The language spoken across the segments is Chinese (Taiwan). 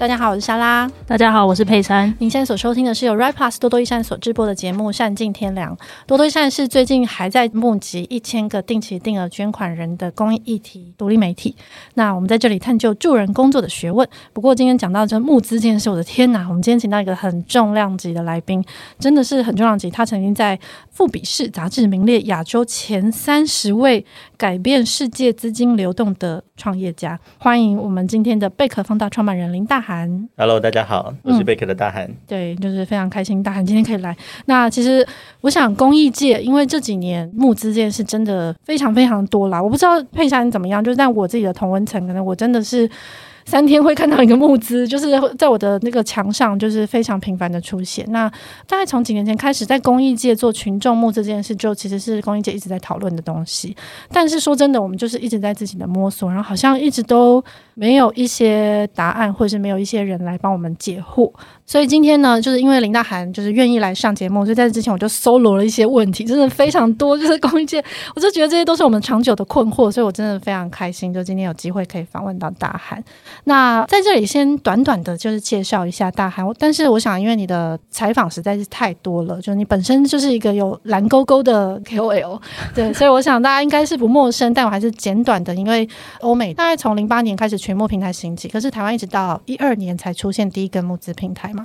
大家好，我是莎拉。大家好，我是佩珊。您現在所收聽的是由 Right Plus 多多益善所直播的節目《善盡天良》。多多益善是最近還在募集一千個定期定額捐款人的公益議題獨立媒體。那我們在這裡探究助人工作的學問。不過今天講到這募資這件事，我的天哪！我們今天請到一個很重量級的來賓，真的是很重量級。他曾經在《富比士》雜誌名列亞洲前三十位改變世界資金流動的創業家。歡迎我們今天的貝殼放大創辦人林大涵。Hello，大家好，我是貝殼的大涵、嗯。對，就是非常開心，大涵今天可以來。那其實我想，公益界因為這幾年募資這件事是真的非常非常多了。我不知道佩珊怎麼樣，就是在我自己的同溫層，可能我真的是。三天會看到一個募資，就是在我的那個牆上，就是非常頻繁的出現。那大概從幾年前開始，在公益界做群眾募資這件事，就其實是公益界一直在討論的東西。但是說真的，我們就是一直在自己的摸索，然後好像一直都沒有一些答案，或者是沒有一些人來幫我們解惑。所以今天呢，就是因為林大涵就是願意來上節目，所以在之前我就搜羅了一些問題，真的非常多，就是公益界，我就覺得這些都是我們長久的困惑，所以我真的非常開心，就今天有機會可以訪問到大涵。那在這裡先短短的就是介紹一下大涵，但是我想，因為你的採訪實在是太多了，就你本身就是一個有藍勾勾的 KOL，對，所以我想大家應該是不陌生， 但我還是簡短的，因為歐美大概從零八年開始群募平台興起，可是台灣一直到一二年才出現第一個募資平台嘛。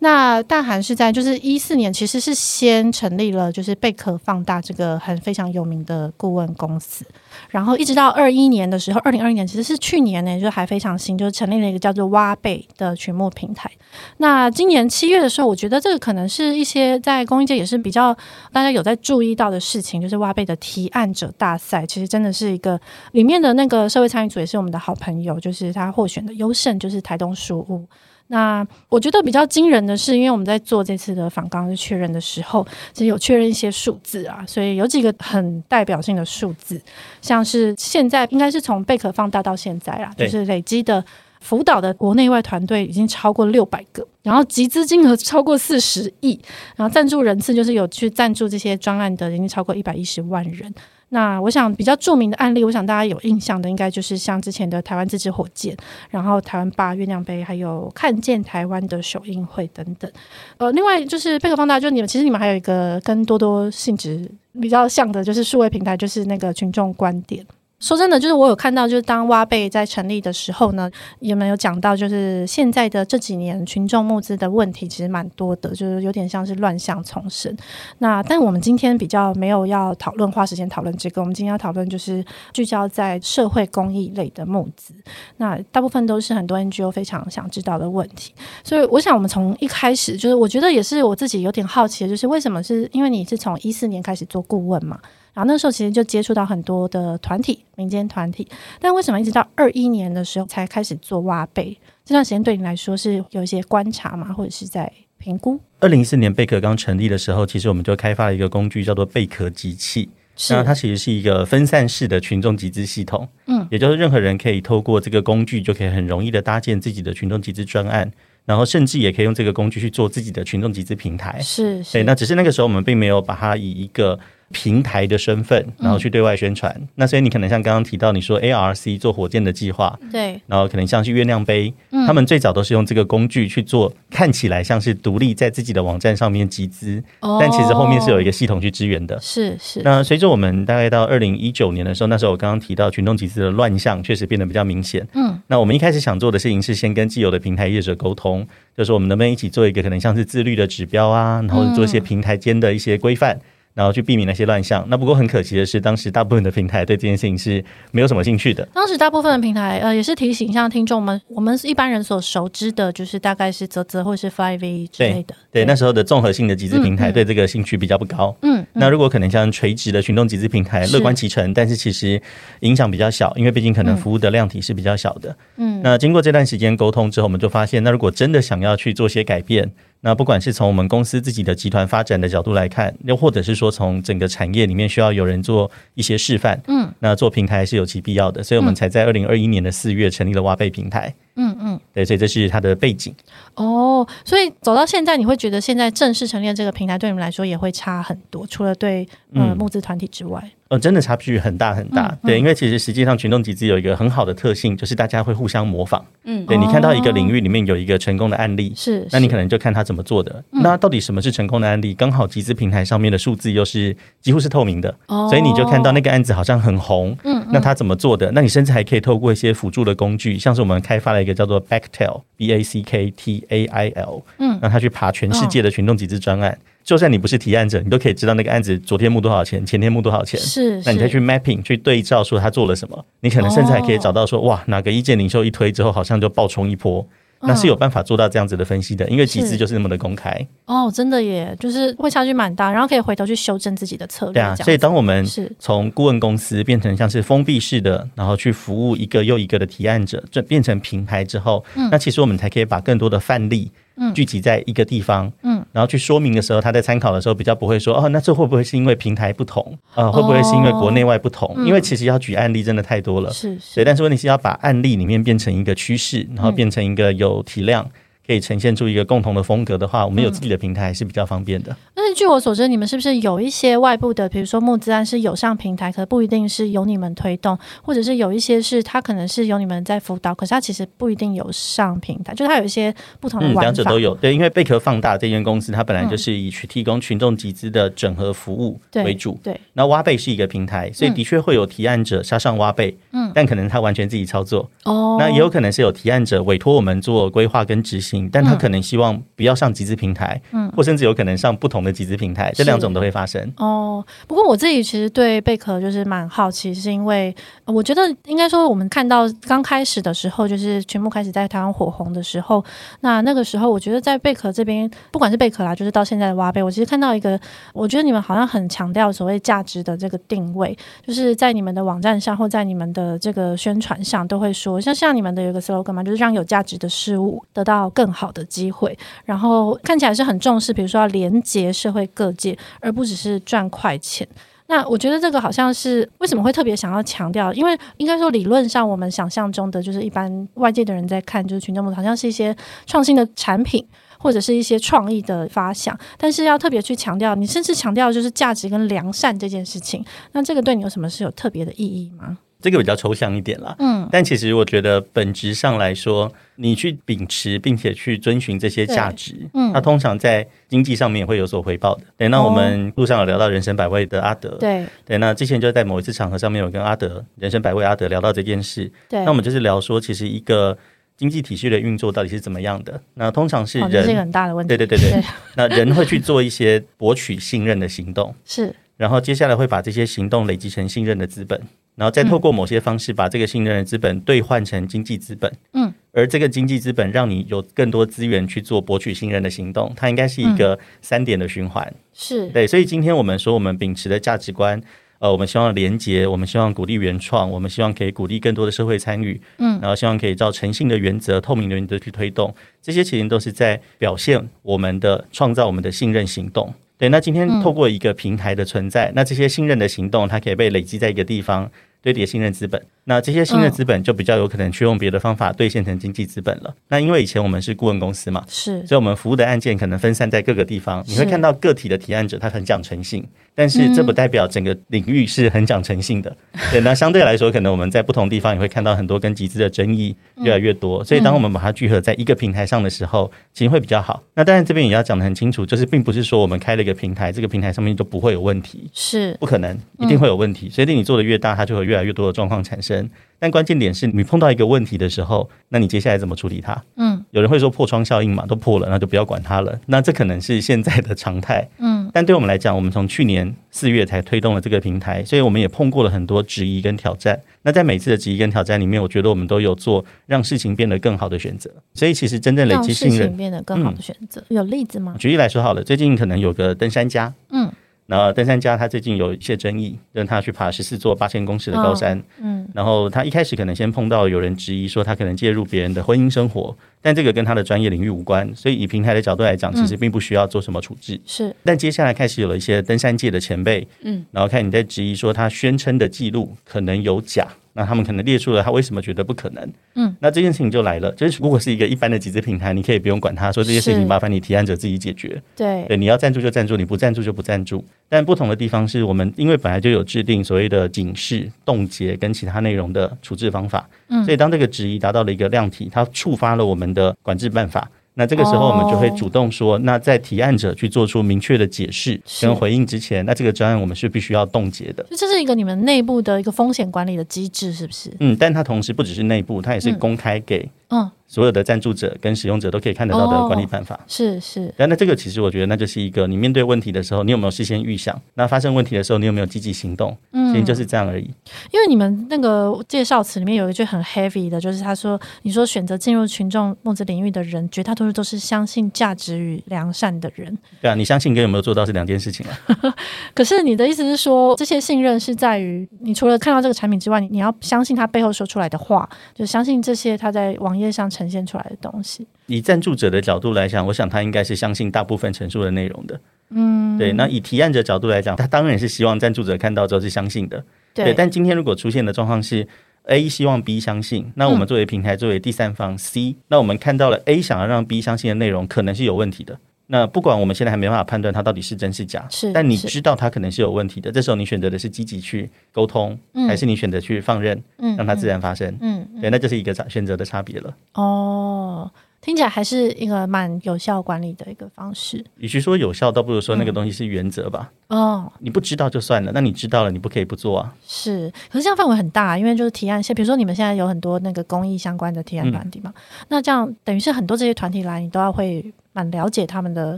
那大涵是在就是一四年，其實是先成立了就是貝殼放大這個很非常有名的顧問公司，然後一直到二一年的時候，二零二一年其實是去年呢、欸，就還非常新，就是成立了一個叫做挖貝的群募平台。那今年七月的時候，我覺得這個可能是一些在公益界也是比較大家有在注意到的事情，就是挖貝的提案者大賽，其實真的是一個裡面的那個社會參與組也是我們的好朋友，就是他獲選的優勝就是台東書屋。那我覺得比較驚人的是，因為我們在做這次的訪綱確認的時候，其實有確認一些數字啊，所以有幾個很代表性的數字，像是現在應該是從貝殼放大到現在啊，就是累積的輔導的國內外團隊已經超過六百個，然後集資金額超過四十億，然後贊助人次就是有去贊助這些專案的已經超過一百一十萬人。那我想比較著名的案例，我想大家有印象的，應該就是像之前的台灣自製火箭，然後台灣吧、月亮杯，還有看見台灣的首映會等等。呃，另外就是貝殼放大，就是你們其實你們還有一個跟多多性質比較像的，就是數位平台，就是那個群眾觀點。說真的，就是我有看到，就是當挖貝在成立的時候呢，也沒有講到，就是現在的這幾年群眾募資的問題其實蠻多的，就是有點像是亂象叢生。那但我們今天比較沒有要討論花時間討論這個，我們今天要討論就是聚焦在社會公益類的募資。那大部分都是很多 NGO 非常想知道的問題，所以我想我們從一開始就是，我覺得也是我自己有點好奇的，就是為什麼是因為你是從一四年開始做顧問嘛？然後那時候其實就接觸到很多的團體、民間團體，但為什麼一直到二一年的時候才開始做挖貝？這段時間對你來說是有一些觀察嗎，或者是在評估？二零一四年貝殼剛成立的時候，其實我們就開發了一個工具，叫做貝殼機器。是，它其實是一個分散式的群眾集資系統。嗯，也就是任何人可以透過這個工具，就可以很容易的搭建自己的群眾集資專案，然後甚至也可以用這個工具去做自己的群眾集資平台。是，是，是，那只是那個時候我們並沒有把它以一個平台的身份，然後去對外宣傳、嗯。那所以你可能像剛剛提到，你說 ARC 做火箭的計劃，對，然後可能像是月亮杯、嗯，他們最早都是用這個工具去做，嗯、看起來像是獨立在自己的網站上面集資、哦，但其實後面是有一個系統去支援的。是是。那隨着我們大概到二零一九年的時候，那時候我剛剛提到群眾集資的亂象，確實變得比較明顯。嗯。那我們一開始想做的事情是先跟既有的平台業者溝通，就是我們能不能一起做一個可能像是自律的指標啊，然後做一些平台間的一些規範。嗯然後去避免那些亂象。那不過很可惜的是，當時大部分的平台對這件事情是沒有什麼興趣的。當時大部分的平台，呃，也是提醒像聽眾們，我們一般人所熟知的，就是大概是嘖嘖、或是 flyingV 之類的。對，對，那時候的綜合性的集資平台對這個興趣比較不高。嗯。嗯，那如果可能像垂直的群眾集資平台，樂觀其成，但是其實影響比較小，因為畢竟可能服務的量體是比較小的。嗯。那經過這段時間溝通之後，我們就發現，那如果真的想要去做些改變，那不管是從我們公司自己的集團發展的角度來看，又或者是說，從整個產業裡面需要有人做一些示範，嗯，那做平台是有其必要的，所以我們才在二零二一年的四月成立了挖貝平台，嗯嗯，對，所以這是它的背景。哦，所以走到現在，你會覺得現在正式成立的這個平台，對你們來說也會差很多，除了對呃募資團體之外。嗯。呃，真的差距很大很大，嗯嗯對，因為其實實際上群眾集資有一個很好的特性，就是大家會互相模仿。嗯，對，你看到一個領域裡面有一個成功的案例，是，嗯，那你可能就看他怎麼做的。是是，那到底什麼是成功的案例？剛，嗯、好，集資平台上面的數字又是幾乎是透明的，哦，所以你就看到那個案子好像很紅，嗯，嗯，那他怎麼做的？那你甚至還可以透過一些輔助的工具，像是我們開發了一個叫做 Backtail B A C K T A I L，嗯，讓他去爬全世界的群眾集資專案。嗯嗯就算你不是提案者，你都可以知道那個案子昨天募多少錢，前天募多少錢是。是，那你再去 mapping 去對照說他做了什麼，你可能甚至還可以找到說、哦、哇，哪個意見領袖一推之後，好像就爆衝一波、哦，那是有辦法做到這樣子的分析的，因為集資就是那麼的公開。哦，真的耶，就是會差距蠻大，然後可以回頭去修正自己的策略。對啊，所以當我們是從顧問公司變成像是封閉式的，然後去服務一個又一個的提案者，就變成平台之後、嗯，那其實我們才可以把更多的範例聚集在一個地方。嗯。嗯然後去說明的時候，他在參考的時候比較不會說哦，那這會不會是因為平台不同，呃，會不會是因為國內外不同，哦，嗯。因為其實要舉案例真的太多了，是，是，對。但是問題是要把案例裡面變成一個趨勢，然後變成一個有體量。嗯可以呈現出一個共同的風格的話，我們有自己的平台還是比較方便的。嗯、但是據我所知，你們是不是有一些外部的，比如說募資案是有上平台，可不一定是由你們推動，或者是有一些是他可能是由你們在輔導，可是他其實不一定有上平台，就他有一些不同的玩法。嗯、兩者都有，對，因為貝殼放大這間公司，它本來就是以去提供群眾集資的整合服務為主。嗯、對。那挖貝是一個平台，所以的確會有提案者上上挖貝，嗯，但可能他完全自己操作。哦。那也有可能是有提案者委託我們做規劃跟執行。但他可能希望不要上集資平台，嗯，或甚至有可能上不同的集資平台，嗯，這兩種都會發生。哦，不過我自己其實對貝殼就是蠻好奇，是因為我覺得應該說我們看到剛開始的時候，就是群募開始在台灣火紅的時候，那那個時候我覺得在貝殼這邊，不管是貝殼啦，就是到現在的挖貝，我其實看到一個，我覺得你們好像很強調所謂價值的這個定位，就是在你們的網站上或在你們的這個宣傳上都會說，像像你們的有一個 slogan 嘛，就是讓有價值的事物得到更。好的機會，然後看起來是很重視，比如說要連接社會各界，而不只是賺快錢。那我覺得這個好像是，為什麼會特別想要強調？因為應該說理論上我們想象中的就是一般外界的人在看，就是群眾募資好像是一些創新的產品或者是一些創意的發想，但是要特別去強調，你甚至強調就是價值跟良善這件事情。那這個對你有什麼是有特別的意義嗎？這個比較抽象一點啦，嗯，但其實我覺得本質上來說，你去秉持並且去遵循這些價值，嗯，它通常在經濟上面也會有所回報的。對，那我們路上有聊到人生百味的阿德、哦，對，對，那之前就在某一次場合上面有跟阿德人生百味阿德聊到這件事，對，那我們就是聊說，其實一個經濟體系的運作到底是怎麼樣的？那通常是人、哦、這是一個很大的問題，對對對對，對對對 那人會去做一些博取信任的行動，是，然後接下來會把這些行動累積成信任的資本。然後再透過某些方式把這個信任的資本兌換成經濟資本，嗯，而這個經濟資本讓你有更多資源去做博取信任的行動，它應該是一個三點的循環，是對。所以今天我們說我們秉持的價值觀，呃，我們希望連接，我們希望鼓勵原創，我們希望可以鼓勵更多的社會參與，嗯，然後希望可以照誠信的原則、透明的原則去推動，這些其實都是在表現我們的創造、我們的信任行動。對，那今天透過一個平台的存在，那這些信任的行動它可以被累積在一個地方。堆疊信任資本。那這些新的資本就比較有可能去用別的方法兌現成經濟資本了。Oh, 那因為以前我們是顧問公司嘛，是，所以我們服務的案件可能分散在各個地方。你會看到個體的提案者他很講誠信，但是這不代表整個領域是很講誠信的、嗯。對，那相對來說， 可能我們在不同地方也會看到很多跟集資的爭議越來越多、嗯。所以當我們把它聚合在一個平台上的時候，嗯、其實會比較好。那當然這邊也要講得很清楚，就是並不是說我們開了一個平台，這個平台上面都不會有問題，是不可能，一定會有問題。嗯、所以你做的越大，它就會越來越多的狀況產生。但關鍵點是你碰到一個問題的時候，那你接下來怎麼處理它？嗯，有人會說破窗效應嘛，都破了，那就不要管它了。那這可能是現在的常態。嗯，但對我們來講，我們從去年四月才推動了這個平台，所以我們也碰過了很多質疑跟挑戰。那在每次的質疑跟挑戰裡面，我覺得我們都有做讓事情變得更好的選擇。所以其實真正累積信任，讓事情變得更好的選擇、嗯，有例子嗎？舉例來說好了，最近可能有個登山家，嗯。然後登山家他最近有一些爭議，讓他去爬十四座八千公尺的高山，哦。嗯，然後他一開始可能先碰到有人質疑說他可能介入別人的婚姻生活，但這個跟他的專業領域無關，所以以平台的角度來講，其實並不需要做什麼處置。嗯、是，但接下來開始有了一些登山界的前輩，嗯，然後看你在質疑說他宣稱的記錄可能有假。那他們可能列出了他為什麼覺得不可能。嗯，那這件事情就來了。就是如果是一個一般的集資平台，你可以不用管他，說這些事情麻煩你提案者自己解決。對，對，你要贊助就贊助，你不贊助就不贊助。但不同的地方是我們，因為本來就有制定所謂的警示、凍結跟其他內容的處置方法。嗯，所以當這個質疑達到了一個量體，它觸發了我們的管制辦法。那這個時候，我們就會主動說，oh. 那在提案者去做出明確的解釋跟回應之前，那這個專案我們是必須要凍結的。這是一個你們內部的一個風險管理的機制，是不是？嗯，但它同時不只是內部，它也是公開給嗯。嗯所有的贊助者跟使用者都可以看得到的，oh, 管理辦法是是。那這個其實我覺得那就是一個你面對問題的時候，你有沒有事先預想？那發生問題的時候，你有沒有積極行動？嗯，其實就是這樣而已。因為你們那個介紹詞裡面有一句很 heavy 的，就是他說：“你說選擇進入群眾募資領域的人，絕大多數都是相信價值與良善的人。”對啊，你相信跟有沒有做到是兩件事情啊。 可是你的意思是說，這些信任是在於，你除了看到這個產品之外，你，你要相信他背後說出來的話，就相信這些他在網頁上。呈現出來的東西，以贊助者的角度來講，我想他應該是相信大部分陳述的內容的。嗯，對。那以提案者角度來講，他當然是希望贊助者看到之後是相信的。對。對，但今天如果出現的狀況是 A 希望 B 相信，那我們作為平台，嗯，作為第三方 C，那我們看到了 A 想要讓 B 相信的內容，可能是有問題的。那不管我們現在還沒辦法判斷它到底是真是假，是，但你知道它可能是有問題的。這時候你選擇的是積極去溝通，嗯、還是你選擇去放任，嗯嗯、讓它自然發生、嗯，嗯，對，那就是一個選擇的差別了。哦，聽起來還是一個蠻有效管理的一個方式。與其說有效，倒不如說那個東西是原則吧。哦、嗯，你不知道就算了，那你知道了，你不可以不做啊。是，可是這樣範圍很大，因為就是提案，像比如說你們現在有很多那個公益相關的提案團體嘛、嗯，那這樣等於是很多這些團體來，你都要會。很了解他們的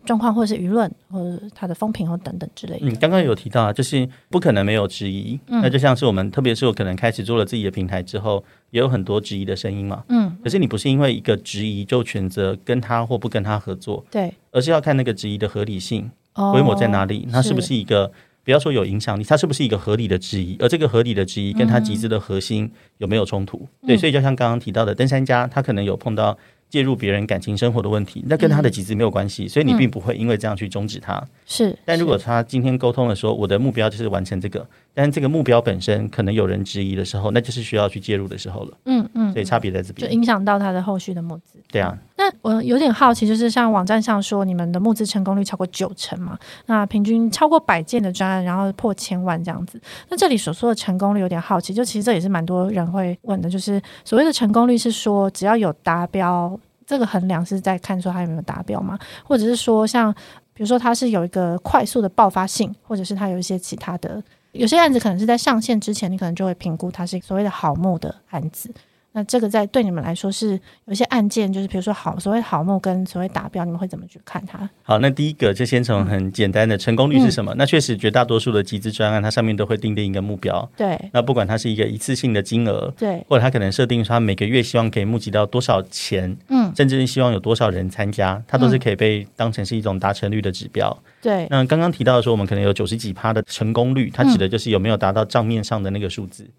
狀況，或者是輿論，或者他的風評，或等等之類的。嗯，剛剛有提到啊，就是不可能沒有質疑。嗯，那就像是我們，特別是我可能開始做了自己的平台之後，也有很多質疑的聲音嘛。嗯，可是你不是因為一個質疑就選擇跟他或不跟他合作，對，而是要看那個質疑的合理性，哦、規模在哪裡，它是不是一個是不要說有影響力，它是不是一個合理的質疑，而這個合理的質疑跟他集資的核心有沒有衝突、嗯？對，所以就像剛剛提到的、嗯、登山家，他可能有碰到。介入別人感情生活的問題，那跟他的機制沒有關係、嗯，所以你並不會因為這樣去終止他。是、嗯，但如果他今天溝通的時候，我的目標就是完成這個。但這個目標本身可能有人質疑的時候，那就是需要去介入的時候了。嗯嗯，所以差別在這邊就影響到他的後續的募資。對啊。那我有點好奇，就是像網站上說，你們的募資成功率超過九成嘛？那平均超過百件的專案，然後破千萬這樣子。那這裡所說的成功率有點好奇，就其實這也是蠻多人會問的，就是所謂的成功率是說只要有達標，這個衡量是在看說他有沒有達標嘛？或者是說像比如說他是有一個快速的爆發性，或者是他有一些其他的？有些案子可能是在上線之前，你可能就會評估它是所謂的好募的案子。那這個在對你們來說是有一些案件，就是比如說好，所謂好募跟所謂達標，你們會怎麼去看它？好，那第一個就先從很簡單的成功率是什麼？嗯、那確實絕大多數的集資專案，它上面都會定定一個目標。對。那不管它是一個一次性的金額，對，或者它可能設定說，它每個月希望可以募集到多少錢，嗯，甚至是希望有多少人參加，它都是可以被當成是一種達成率的指標。對、嗯。那剛剛提到的時候，我們可能有九十幾趴的成功率，它指的就是有沒有達到賬面上的那個數字。嗯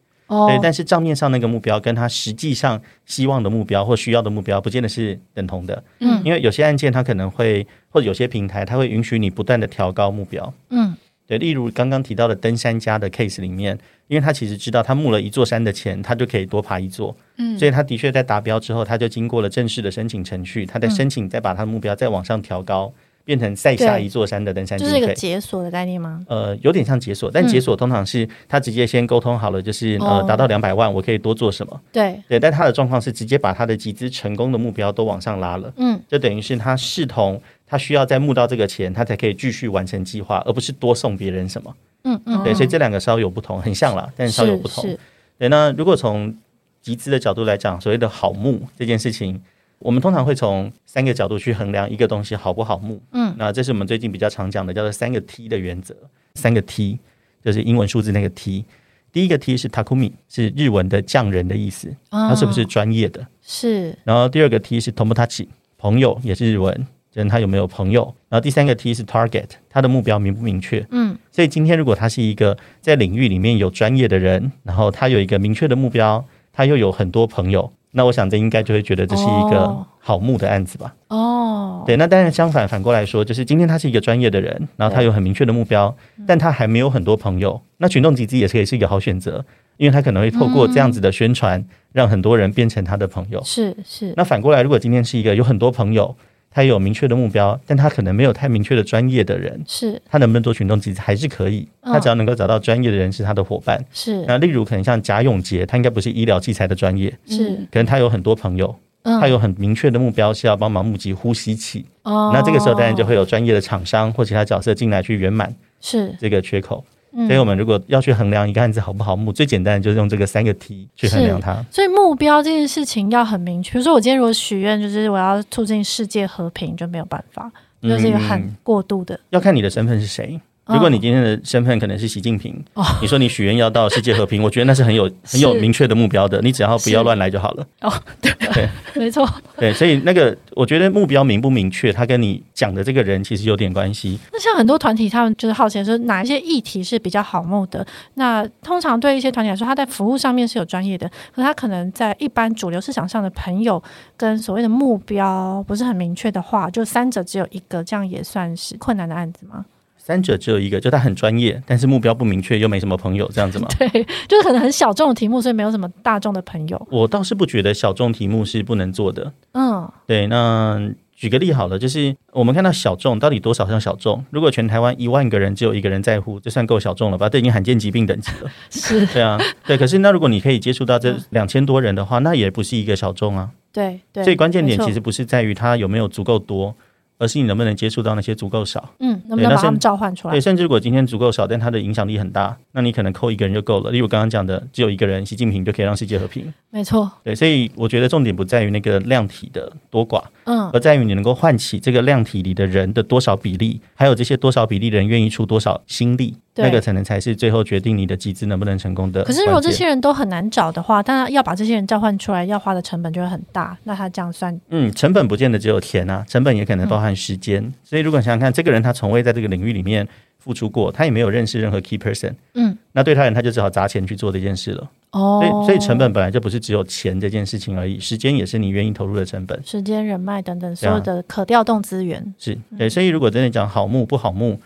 對，但是賬面上那個目標跟他實際上希望的目標或需要的目標，不見得是等同的。嗯，因為有些案件他可能會，或者有些平台他會允許你不斷的調高目標。嗯，對，例如剛剛提到的登山家的 case 裡面，因為他其實知道他募了一座山的錢，他就可以多爬一座。嗯，所以他的確在達標之後，他就經過了正式的申請程序，他在申請再把他的目標再往上調高。變成再下一座山的登山之旅，就是這個解鎖的概念嗎？呃，有點像解鎖，但解鎖通常是他直接先溝通好了，就是、嗯、呃達到兩百萬，我可以多做什麼？嗯、對，對但他的狀況是直接把他的集資成功的目標都往上拉了，嗯，就等於是他視同他需要再募到這個錢，他才可以繼續完成計劃，而不是多送別人什麼。嗯嗯，對，所以這兩個稍有不同，很像啦。但稍有不同。是是對，那如果從集資的角度來講，所謂的好募這件事情。我們通常會從三個角度去衡量一個東西好不好募，嗯，那這是我們最近比較常講的，叫做三個 T 的原則。三個 T 就是英文數字那個 T，第一個 T 是 Takumi，是日文的匠人的意思，哦，他是不是專業的？是。然後第二個 T 是 Tomodachi，朋友也是日文，就是他有沒有朋友？然後第三個 T 是 Target，他的目標明不明確？嗯。所以今天如果他是一個在領域裡面有專業的人，然後他有一個明確的目標，他又有很多朋友。那我想，這應該就會覺得這是一個好募的案子吧？哦，對，那當然相反，反過來說，就是今天他是一個專業的人，然後他有很明確的目標，但他還沒有很多朋友，嗯、那群眾集資也可以是一個好選擇，因為他可能會透過這樣子的宣傳，讓很多人變成他的朋友。是、嗯、是。那反過來，如果今天是一個有很多朋友，他有明確的目標，但他可能沒有太明確的專業的人。是，他能不能做群眾集資還是可以。嗯、他只要能夠找到專業的人是他的夥伴。是，那例如可能像賈永婕，他應該不是醫療器材的專業。是，嗯、可能他有很多朋友，嗯、他有很明確的目標是要幫忙募集呼吸器。哦、嗯，那這個時候當然就會有專業的廠商或其他角色進來去圓滿是這個缺口。所以，我們如果要去衡量一個案子好不好目，目最簡單的就是用這個三個題去衡量它。所以，目標這件事情要很明確。比如說，我今天如果許願就是我要促進世界和平，就沒有辦法，就是一個很過度的、嗯。要看你的身份是誰。如果你今天的身份可能是習近平，哦，你說你許願要到世界和平，哦，我覺得那是很有是很有明確的目標的。你只要不要亂來就好了。哦，對， 對，沒錯，對，所以那個我覺得目標明不明確，他跟你講的這個人其實有點關係。那像很多團體，他們就是好奇說哪一些議題是比較好募的？那通常對一些團體來說，他在服務上面是有專業的，可他可能在一般主流市場上的朋友跟所謂的目標不是很明確的話，就三者只有一個，這樣也算是困難的案子嗎？三者只有一個，就他很專業，但是目標不明確，又沒什麼朋友，這樣子嗎？對，就是可能很小眾的題目，所以沒有什麼大眾的朋友。我倒是不覺得小眾題目是不能做的。嗯，對。那舉個例好了，就是我們看到小眾到底多少像小眾？如果全台灣一萬個人只有一個人在乎，就算夠小眾了吧？對，已經罕見疾病等級了。是， 對啊，對。可是那如果你可以接觸到這兩千多人的話、嗯，那也不是一個小眾啊。對。最關鍵點其實不是在於它有沒有足夠多。而是你能不能接觸到那些足夠少。嗯，能不能把他們召喚出來，對？對，甚至如果今天足夠少，但它的影響力很大，那你可能扣一個人就夠了。例如我剛剛講的，只有一個人習近平就可以讓世界和平，沒錯。對，所以我覺得重點不在於那個量體的多寡，嗯，而在於你能夠喚起這個量體裡的人的多少比例，還有這些多少比例的人願意出多少心力。那個可能才是最後決定你的集資能不能成功的。可是如果這些人都很難找的話，當然要把這些人召喚出來，要花的成本就會很大。那他這樣算？嗯，成本不見得只有錢啊，成本也可能包含時間、嗯。所以如果你想想看，這個人他從未在這個領域裡面付出過，他也沒有認識任何 key person。嗯，那對他人他就只好砸錢去做這件事了。哦，所以所以成本本來就不是只有錢這件事情而已，時間也是你願意投入的成本，時間、人脈等等所有的可調動資源、啊。是，對，所以如果真的講好木不好木。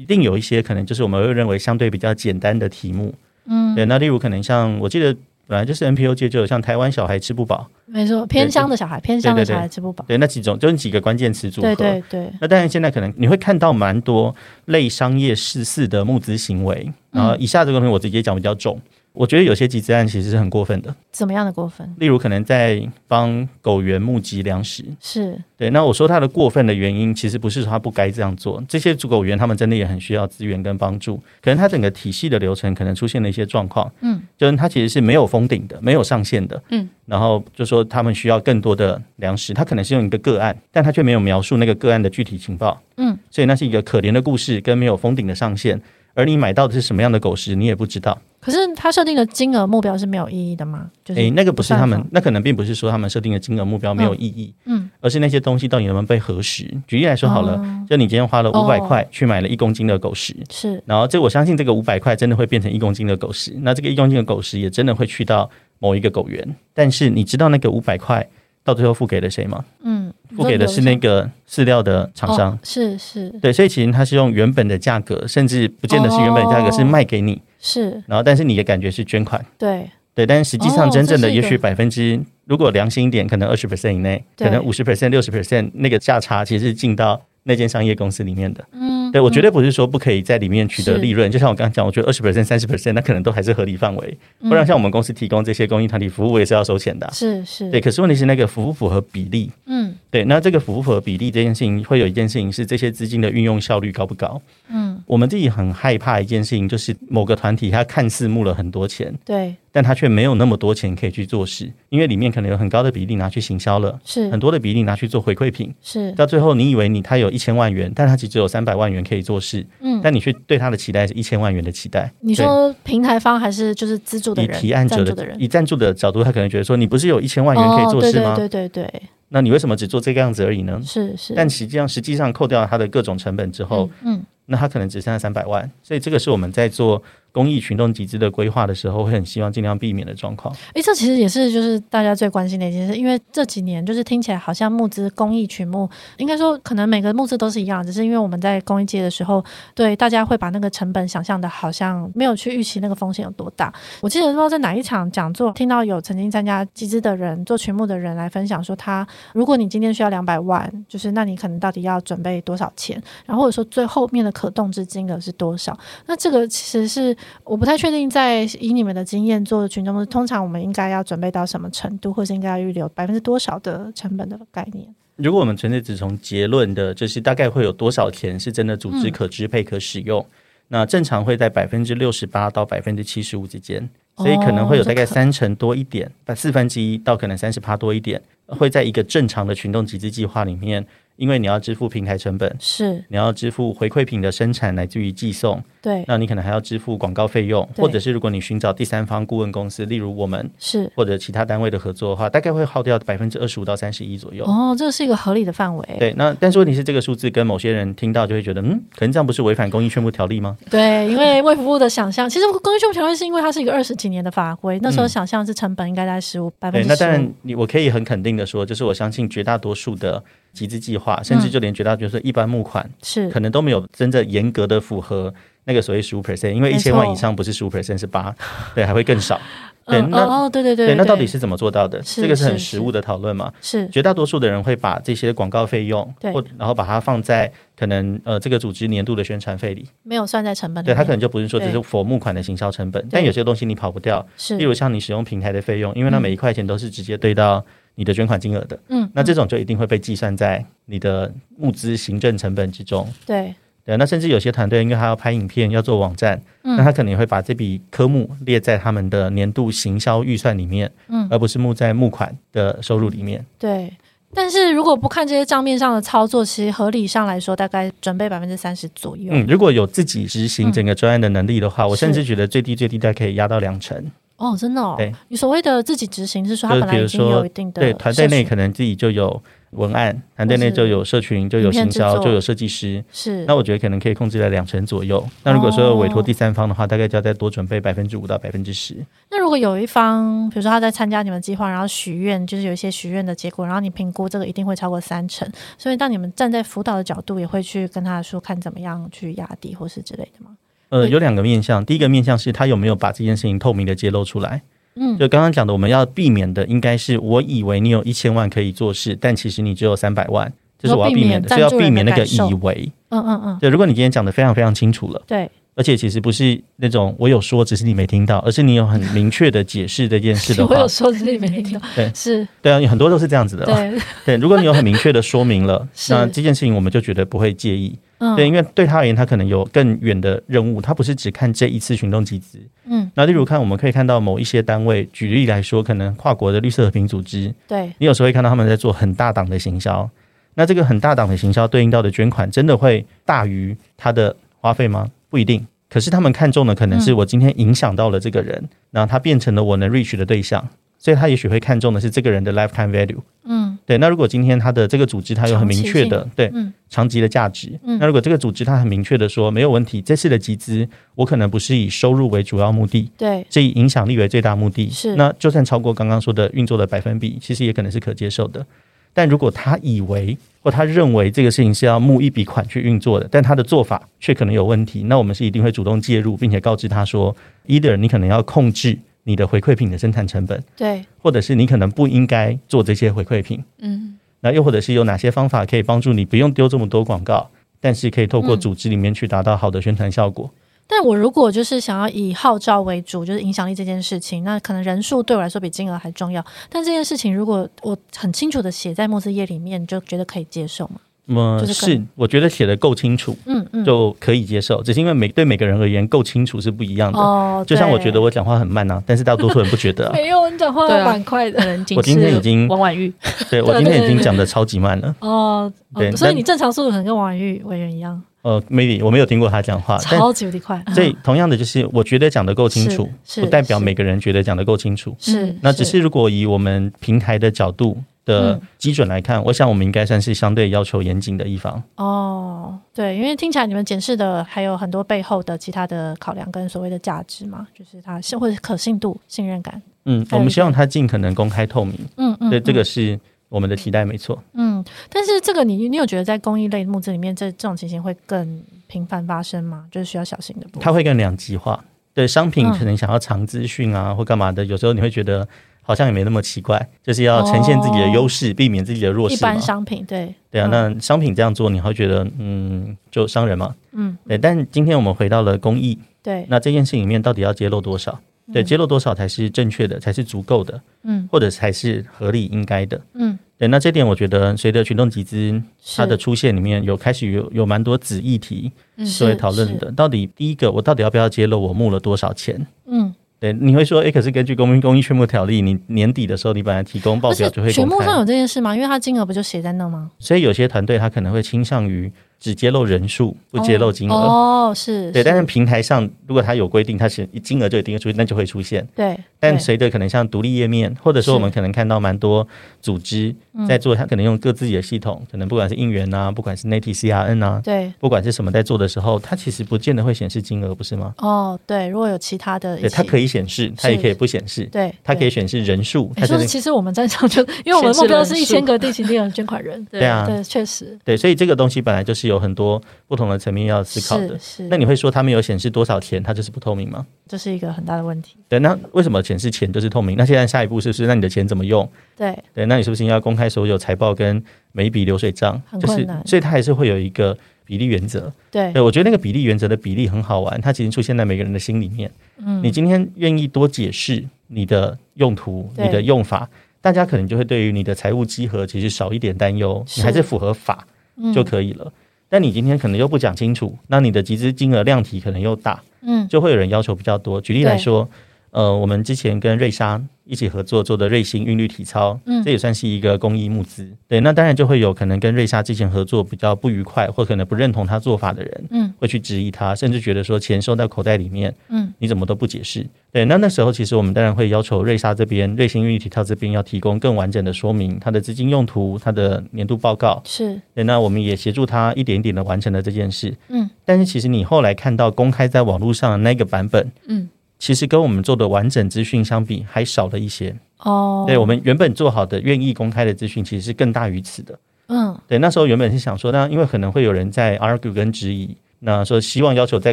一定有一些可能就是我們會認為相對比較簡單的題目，嗯，對，那例如可能像我記得本來就是 NPO 界就有像台灣小孩吃不飽，沒錯，偏鄉的小孩，偏鄉的小孩吃不飽，對，那幾種就是幾個關鍵詞組合，對對、對、對，那但是現在可能你會看到蠻多類商業事實的募資行為，然後以下這個東西我直接講比較重。嗯嗯我覺得有些集資案其實是很過分的。怎麼樣的過分？例如，可能在幫狗園募集糧食，是對。那我說他的過分的原因，其實不是說他不該這樣做。這些狗園他們真的也很需要資源跟幫助，可能他整個體系的流程可能出現了一些狀況。嗯，就是他其實是沒有封頂的，沒有上限的。嗯，然後就說他們需要更多的糧食，他可能是用一個個案，但他卻沒有描述那個個案的具體情報。嗯，所以那是一個可憐的故事，跟沒有封頂的上限。而你買到的是什麼樣的狗食，你也不知道。可是他設定的金額目標是沒有意義的嗎？誒、就是欸，那個不是他們，那可能並不是說他們設定的金額目標沒有意義，嗯，嗯，而是那些東西到底能不能被核實。舉例來說好了，嗯、就你今天花了五百塊去買了一公斤的狗食，是，哦，然後這我相信這個五百塊真的會變成一公斤的狗食，那這個一公斤的狗食也真的會去到某一個狗園，但是你知道那個五百塊到最後付給了誰嗎？嗯，付給的是那個飼料的廠商。嗯、哦，是是，對，所以其實他是用原本的價格，甚至不見得是原本的價格，是賣給你。哦是，然後但是你的感覺是捐款對，對對，但實際上真正的也許百分之，哦、如果良心一點，可能二十 percent 以內，對，可能五十 percent、六十 percent 那個價差，其實是進到那間商業公司裡面的。嗯。對，我絕對不是說不可以在裡面取得利潤。嗯。就像我剛剛講，我覺得二十%、三十%那可能都還是合理範圍。不然像我們公司提供這些公益團體服務，我也是要收錢的啊。是是。對，可是問題是那個符不符合比例？嗯。對，那這個符不符合比例這件事情，會有一件事情是這些資金的運用效率高不高？嗯。我們自己很害怕一件事情，就是某個團體他看似募了很多錢，對，但他卻沒有那麼多錢可以去做事，因為裡面可能有很高的比例拿去行銷了，是很多的比例拿去做回饋品，是到最後你以為你他有一千萬元，但他其實只有三百萬元。可以做事，嗯，但你卻對他的期待是一千萬元的期待。你說平台方還是就是資助的人、以提案者的,的以贊助的角度，他可能覺得說，你不是有一千萬元可以做事嗎？哦、對,對對對，那你為什麼只做這個樣子而已呢？嗯、是是，但實際上實際上扣掉他的各種成本之後，嗯，嗯那他可能只剩下三百萬。所以這個是我們在做。公益群眾集資的規劃的時候，會很希望盡量避免的狀況。誒、欸，這其實也是就是大家最關心的一件事，因為這幾年就是聽起來好像募資公益群募，應該說可能每個募資都是一樣，只是因為我們在公益界的時候，對大家會把那個成本想象的，好像沒有去預期那個風險有多大。我記得不知道在哪一場講座聽到有曾經參加集資的人做群募的人來分享說他，他如果你今天需要兩百萬，就是那你可能到底要準備多少錢，然後或者說最後面的可動資金額是多少？那這個其實是。我不太確定，在以你們的經驗做的群眾，通常我們應該要準備到什麼程度，或是應該要預留百分之多少的成本的概念？如果我們純粹只從結論的，就是大概會有多少錢是真的組織可支配可使用，嗯、那正常會在百分之六十八到百分之七十五之間，所以可能會有大概三成多一點，哦、四分之一到可能三十趴多一點。嗯嗯會在一個正常的群眾集資計劃裡面，因為你要支付平台成本，是你要支付回饋品的生產來自於寄送，對，那你可能還要支付廣告費用，或者是如果你尋找第三方顧問公司，例如我們是或者其他單位的合作的話，大概會耗掉百分之二十五到三十一左右。哦，這是一個合理的範圍。對，那但是問題是，這個數字跟某些人聽到就會覺得，嗯，嗯可能這樣不是違反公益勸募條例嗎？對，因為為服務的想象， 其實公益勸募條例是因為它是一個二十幾年的法規，那時候想象是成本應該在十五百分之十那但你我可以很肯定。說，就是我相信絕大多數的集資計劃，甚至就連絕大多數、嗯就是、一般募款是可能都沒有真正嚴格的符合那個所謂十五 percent，因為一千萬以上不是十五 percent 是八， 對，還會更少。嗯、對，嗯、那哦對對對，對，那到底是怎麼做到的？是這個是很實務的討論嘛？是，是絕大多數的人會把這些廣告費用對，然後把它放在可能呃這個組織年度的宣傳費裡，沒有算在成本裡面。對，他可能就不是說這是 for 募款的行銷成本，但有些東西你跑不掉，例如像你使用平台的費用，因為它每一塊錢都是直接對到。你的捐款金額的，嗯，那這種就一定會被計算在你的募資行政成本之中。嗯、對、嗯，對，那甚至有些團隊，因為還要拍影片、要做網站，嗯、那他可能會把這筆科目列在他們的年度行銷預算裡面、嗯，而不是募在募款的收入裡面，嗯、對。但是如果不看這些賬面上的操作，其實合理上來說，大概準備百分之三十左右。嗯，如果有自己執行整個專案的能力的話、嗯，我甚至覺得最低最低大概可以壓到兩成。哦，真的哦。對，你所謂的自己執行是說，他本來已經有一定的、就是、對團隊內可能自己就有文案，團隊內就有社群，就有行銷，就有設計師。是。那我覺得可能可以控制在兩成左右。那如果說委托第三方的話，大概就要再多準備百分之五到百分之十。那如果有一方，比如說他在參加你們計劃，然後許願，就是有一些許願的結果，然後你評估這個一定會超過三成。所以，當你們站在輔導的角度，也會去跟他說，看怎麼樣去壓低或是之類的嗎？呃，有兩個面向，第一個面向是他有沒有把這件事情透明的揭露出來。嗯，就剛剛講的，我們要避免的應該是，我以為你有一千萬可以做事，但其實你只有三百萬，這是我要避免的，避免的，所以要避免那個以為。嗯嗯嗯，就如果你今天講得非常非常清楚了，對、嗯嗯，而且其實不是那種我有說，只是你沒聽到，而是你有很明確的解釋這件事的話， 我有說，只是你沒聽到。對，是，對啊，你很多都是這樣子的。對對，如果你有很明確的說明了 是，那這件事情我們就覺得不會介意。對，因為對他而言，他可能有更遠的任務，他不是只看這一次群眾集資。嗯，那例如看我們可以看到某一些單位，舉例來說，可能跨國的綠色和平組織，對，你有時候會看到他們在做很大檔的行銷，那這個很大檔的行銷對應到的捐款真的會大於他的花費嗎？不一定，可是他們看中的可能是我今天影響到了這個人，嗯、然後他變成了我能 reach 的對象，所以他也許會看中的是這個人的 lifetime value。嗯。對，那如果今天他的這個組織，它有很明確的長、嗯、對長期的價值、嗯，那如果這個組織它很明確的說沒有問題、嗯，這次的集資我可能不是以收入為主要目的，對，是以影響力為最大目的，是，那就算超過剛剛說的運作的百分比，其實也可能是可接受的。但如果他以為或他認為這個事情是要募一筆款去運作的，但他的做法卻可能有問題，那我們是一定會主動介入，并且告知他說，一的你可能要控制。你的回饋品的生產成本，對，或者是你可能不應該做這些回饋品，嗯，那又或者是有哪些方法可以幫助你不用丟這麼多廣告，但是可以透過組織裡面去達到好的宣傳效果。嗯，但我如果就是想要以號召為主，就是影響力這件事情，那可能人數對我來說比金額還重要。但這件事情如果我很清楚的寫在募資頁裡面，你就覺得可以接受嗎？麼、嗯、是，我覺得寫的夠清楚，嗯嗯，就可以接受。只是因為每對每個人而言，夠清楚是不一樣的。哦，就像我覺得我講話很慢吶、啊，但是大多數人不覺得、啊。 沒有，你講話蠻快的人，我今天已經王婉玉， 對我今天已經講的超級慢了。哦，對，哦、所以你正常速度可能跟王婉玉委員一樣。呃，Maybe 我沒有聽過他講話，超級的快。所以同樣的，就是我覺得講的夠清楚，不、嗯、代表每個人覺得講的夠清楚是。是，那只是如果以我們平台的角度。嗯、的基準來看，我想我們應該算是相對要求嚴謹的一方。哦，對，因為聽起來你們解釋的還有很多背後的其他的考量跟所謂的價值嘛，就是它信會可信度、信任感。嗯，我們希望它盡可能公開透明。嗯嗯，所以這個是我們的期待，沒錯。嗯，但是這個你你有覺得在公益類募資裡面，這這種情形會更頻繁發生嗎？就是需要小心的部分。它會更兩極化。對商品，可能想要藏資訊啊，嗯、或幹嘛的，有時候你會覺得。好像也沒那麼奇怪，就是要呈現自己的優勢，oh, 避免自己的弱勢。一般商品，對對啊、嗯，那商品這樣做，你會覺得嗯，就商人嘛？嗯，對。但今天我們回到了公益，對，那這件事裡面到底要揭露多少、嗯？對，揭露多少才是正確的？才是足夠的？嗯，或者才是合理應該的？嗯，對。那這點我覺得，隨着群眾集資它的出現，裡面有開始有有蠻多子議題作為討論的。嗯、到底第一個，我到底要不要揭露我募了多少錢？嗯。對，你會說，誒、欸，可是根據公公益勸募條例，你年底的時候，你本來提供報表就會公開。學上有這件事嗎？因為它金額不就寫在那嗎？所以有些團隊他可能會傾向於。只揭露人數，不揭露金額。哦、oh, oh，是對，但是平台上如果它有規定，它是金額就一定會出現，那就會出現。對，但隨着可能像獨立頁面，或者說我們可能看到蠻多組織在做，它、嗯、可能用各自己的系統，可能不管是應援啊，不管是內提 CRN 啊，對，不管是什麼在做的時候，它其實不見得會顯示金額，不是嗎？哦，對，如果有其他的，對，它可以顯示，它也可以不顯示，對，它可以顯示人數。就、欸、是、欸、其實我們站上就因為我們目標是一千個定期定額的捐款人，人 對啊，對，確實，對，所以這個東西本來就是。有很多不同的層面要思考的。是，是，那你會說他們有顯示多少錢，它就是不透明嗎？這是一個很大的問題。對，那為什麼顯示錢就是透明？那現在下一步是不是那你的錢怎麼用？對，對，那你是不是應該公開所有財報跟每一筆流水賬？就是，所以它還是會有一個比例原則對。對，我覺得那個比例原則的比例很好玩，它其實出現在每個人的心裡面。嗯，你今天願意多解釋你的用途、你的用法，大家可能就會對於你的財務稽核其實少一點擔憂，是你還是符合法、嗯、就可以了。但你今天可能又不講清楚，那你的集資金額量體可能又大，嗯，就會有人要求比較多。嗯，舉例來說，呃，我們之前跟瑞莎一起合作做的瑞星韻律體操，嗯，這也算是一個公益募資。對，那當然就會有可能跟瑞莎之前合作比較不愉快，或可能不認同他做法的人，嗯，會去質疑他，甚至覺得說錢收到口袋裡面，嗯，你怎麼都不解釋？對，那那時候其實我們當然會要求瑞莎這邊，瑞星韻律體操這邊要提供更完整的說明，它的資金用途，它的年度報告是。對，那我們也協助他一點點的完成了這件事，嗯。但是其實你後來看到公開在網絡上的那個版本，嗯。其實跟我們做的完整資訊相比，還少了一些哦。對，我們原本做好的願意公開的資訊，其實是更大於此的。嗯，對。那時候原本是想說，那因為可能會有人在 argue 跟質疑，那說希望要求再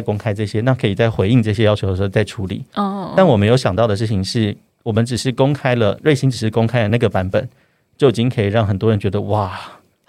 公開這些，那可以在回應這些要求的時候再處理。哦。但我沒有想到的事情是，我們只是公開了瑞莎，只是公開了那個版本，就已經可以讓很多人覺得哇，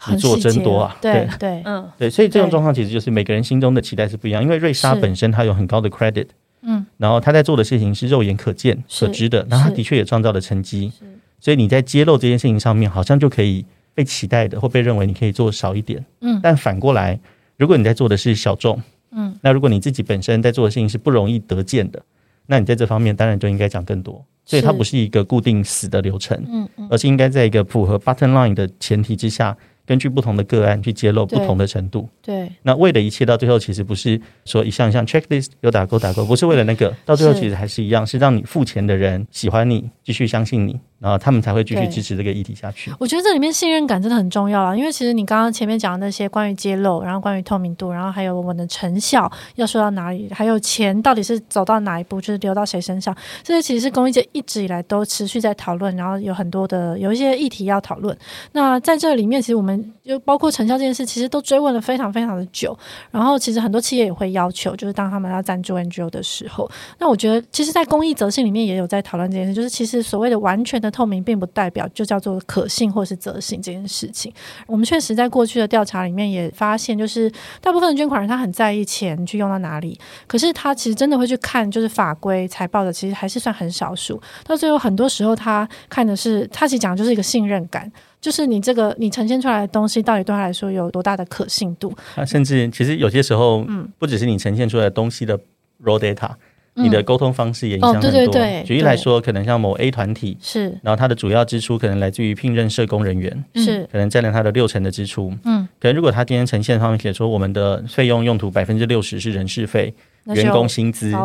你做真多啊！對對嗯，對。所以這種狀況其實就是每個人心中的期待是不一樣，因為瑞莎本身它有很高的 credit。嗯，然後他在做的事情是肉眼可見、可知的，然後他的確也創造了成績，是，所以你在揭露這件事情上面，好像就可以被期待的，或被認為你可以做少一點。嗯。但反過來，如果你在做的是小眾，嗯，那如果你自己本身在做的事情是不容易得見的，那你在這方面當然就應該講更多。所以它不是一個固定死的流程，嗯，而是應該在一個符合 bottom line 的前提之下。根據不同的個案去揭露不同的程度，對，對，那為的一切到最後其實不是說一項一項 checklist 有打勾打勾，不是為了那個，到最後其實還是一樣，是，是讓你付錢的人喜歡你，繼續相信你。然後他們才會繼續支持這個議題下去。我覺得這裡面信任感真的很重要了、啊，因為其實你剛剛前面講的那些關於揭露，然後關於透明度，然後還有我們的成效要說到哪裡，還有錢到底是走到哪一步，就是流到誰身上，這些其實是公益界一直以來都持續在討論，然後有很多的有一些議題要討論。那在這裡面，其實我們就包括成效這件事，其實都追問了非常非常的久。然後其實很多企業也會要求，就是當他們要贊助 NGO 的時候，那我覺得其實，在公益責信裡面也有在討論這件事，就是其實所謂的完全的。透明並不代表就叫做可信或是責信這件事情。我們確實在過去的調查裡面也發現，就是大部分的捐款人他很在意錢去用到哪裡，可是他其實真的會去看就是法規財報的，其實還是算很少數。到最後，很多時候他看的是，他其實講的就是一個信任感，就是你這個你呈現出來的東西到底對他來說有多大的可信度。那、啊、甚至其實有些時候，嗯，不只是你呈現出來的東西的 raw data。你的溝通方式也影響很多、嗯哦對對對。舉例來說，可能像某 A 團體是，然後它的主要支出可能來自於聘任社工人員，是可能占了它的六成的支出。嗯，可能如果它今天呈現上面寫說，我們的費用用途百分之六十是人事費、是員工薪資，然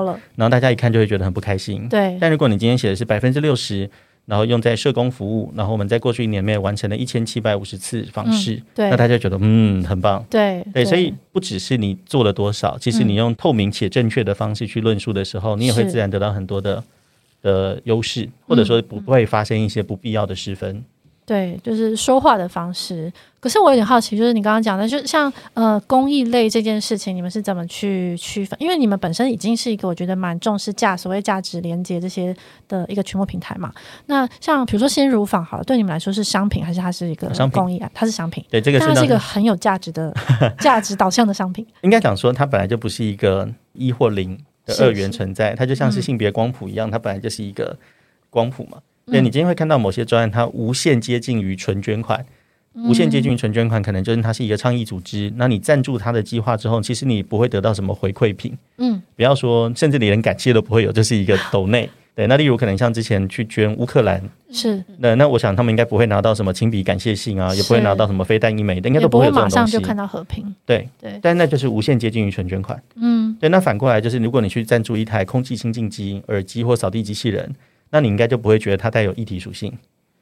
後大家一看就會覺得很不開心。對，但如果你今天寫的是百分之六十，然後用在社工服務，然後我們在過去一年內完成了一千七百五十次訪視。嗯，那大家覺得嗯很棒。對對，所以不只是你做了多少，其實你用透明且正確的方式去論述的時候，嗯、你也會自然得到很多的、呃、優勢，或者說不會發生一些不必要的失分。嗯嗯嗯。對，就是說話的方式。可是我有點好奇，就是你剛剛講的，就是像呃，公益類這件事情，你們是怎麼去區分？因為你們本身已經是一個我覺得蠻重視價，所謂價值連接這些的一個群募平臺嘛。那像比如說鮮乳坊，好了，對你們來說是商品還是它是一個公益、啊它商品啊商品？它是商品。對，這個是，它是一個很有價值的 價值導向的商品。應該講說，它本來就不是一個一或零的二元存在，是是，它就像是性別光譜一樣，嗯、它本來就是一個光譜嘛。對，你今天會看到某些專案，它無限接近於純捐款、嗯，無限接近於純捐款，可能就是它是一個倡議組織。嗯、那你贊助它的計劃之後，其實你不會得到什麼回饋品，嗯，不要說甚至連感謝都不會有，就是一個斗內、嗯。對，那例如可能像之前去捐烏克蘭，是，那那我想他們應該不會拿到什麼親筆感謝信啊，也不會拿到什麼飛彈一枚，但應該都不會有這種東西。馬上就看到和平，對、對、對，但那就是無限接近於純捐款，嗯，對。那反過來就是，如果你去贊助一台空氣清淨機、耳機或掃地機器人。那你應該就不會覺得它帶有議題屬性，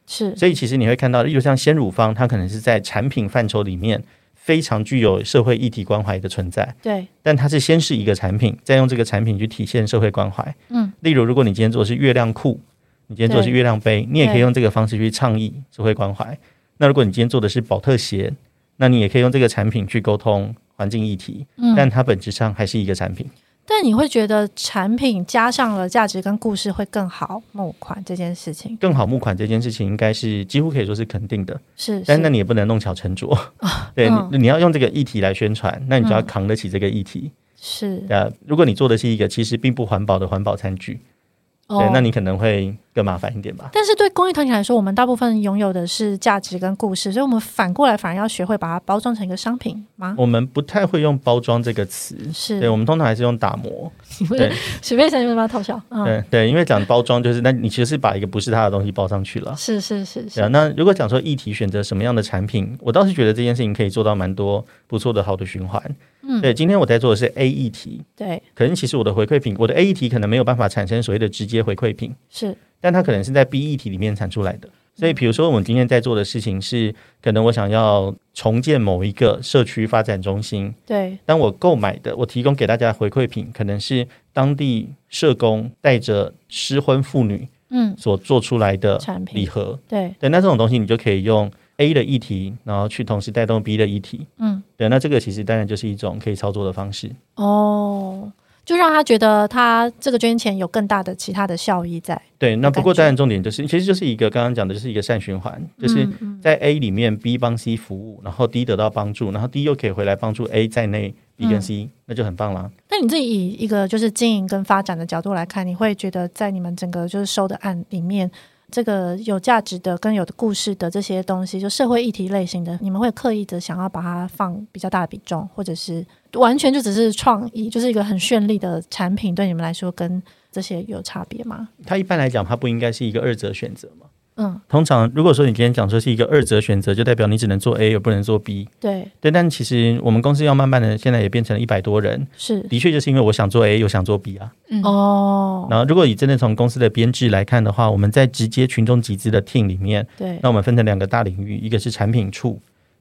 是。所以其實你會看到，例如像鮮乳坊，它可能是在產品範疇裡面非常具有社會議題關懷的存在。對。但它是先是一個產品，再用這個產品去體現社會關懷。嗯。例如，如果你今天做的是月亮褲，你今天做的是月亮杯，你也可以用這個方式去倡議社會關懷。那如果你今天做的是寶特鞋，那你也可以用這個產品去溝通環境議題。嗯。但它本質上還是一個產品。但你會覺得產品加上了價值跟故事會更好募款這件事情，更好募款這件事情應該是幾乎可以說是肯定的。是,是，但那你也不能弄巧成拙、嗯、 對、你，你要用這個議題來宣傳、嗯，那你就要扛得起這個議題。是、啊、如果你做的是一個其實並不環保的環保餐具，哦、對，那你可能會。更麻煩一點吧。但是對公益團體來說，我們大部分擁有的是價值跟故事，所以我們反過來反而要學會把它包裝成一個商品嗎？我們不太會用“包裝”這個詞，是。對，我們通常還是用“打磨”對， 嗯。對，隨便想就把它套上。對對，因為講包裝就是，那你其實是把一個不是它的東西包上去了。是是是是。那如果講說議題選擇什麼樣的產品，我倒是覺得這件事情可以做到蠻多不錯的好的循環。嗯，對，今天我在做的是 A 議題，對，可能其實我的回饋品，我的 A 議題可能沒有辦法產生所謂的直接回饋品，是。但它可能是在 B 議題裡面產出來的，所以比如說我們今天在做的事情是，可能我想要重建某一個社區發展中心。對，當我購買的，我提供給大家回饋品，可能是當地社工帶着失婚婦女，嗯，所做出來的禮盒，嗯，產品。對，對，那這種東西你就可以用 A 的議題，然後去同時帶動 B 的議題。嗯，對，那這個其實當然就是一種可以操作的方式。哦。就讓他覺得他這個捐錢有更大的其他的效益在。對，那不過再來重點就是，其實就是一個剛剛講的就是一個善循環、嗯嗯，就是在 A 裡面 B 幫 C 服務，然後 D 得到幫助，然後 D 又可以回來幫助 A 在內 B 跟 C，、嗯、那就很棒了。那你自己以一個就是經營跟發展的角度來看，你會覺得在你們整個就是收的案裡面？這個有價值的、跟有的故事的這些東西，就社會議題類型的，你們會刻意的想要把它放比較大的比重，或者是完全就只是創意，就是一個很絢麗的產品，對你們來說跟這些有差別嗎？它一般來講，它不應該是一個二者選擇嗎？嗯，通常如果說你今天講說是一個二擇選擇，就代表你只能做 A，而不能做 B 對。對對，但其實我們公司要慢慢的，現在也變成了一百多人。是，的確就是因為我想做 A，又想做 B 啊。哦、嗯。然後，如果你真的從公司的編制來看的話，我們在直接群眾集資的 team 裡面，對，那我們分成兩個大領域，一個是產品處，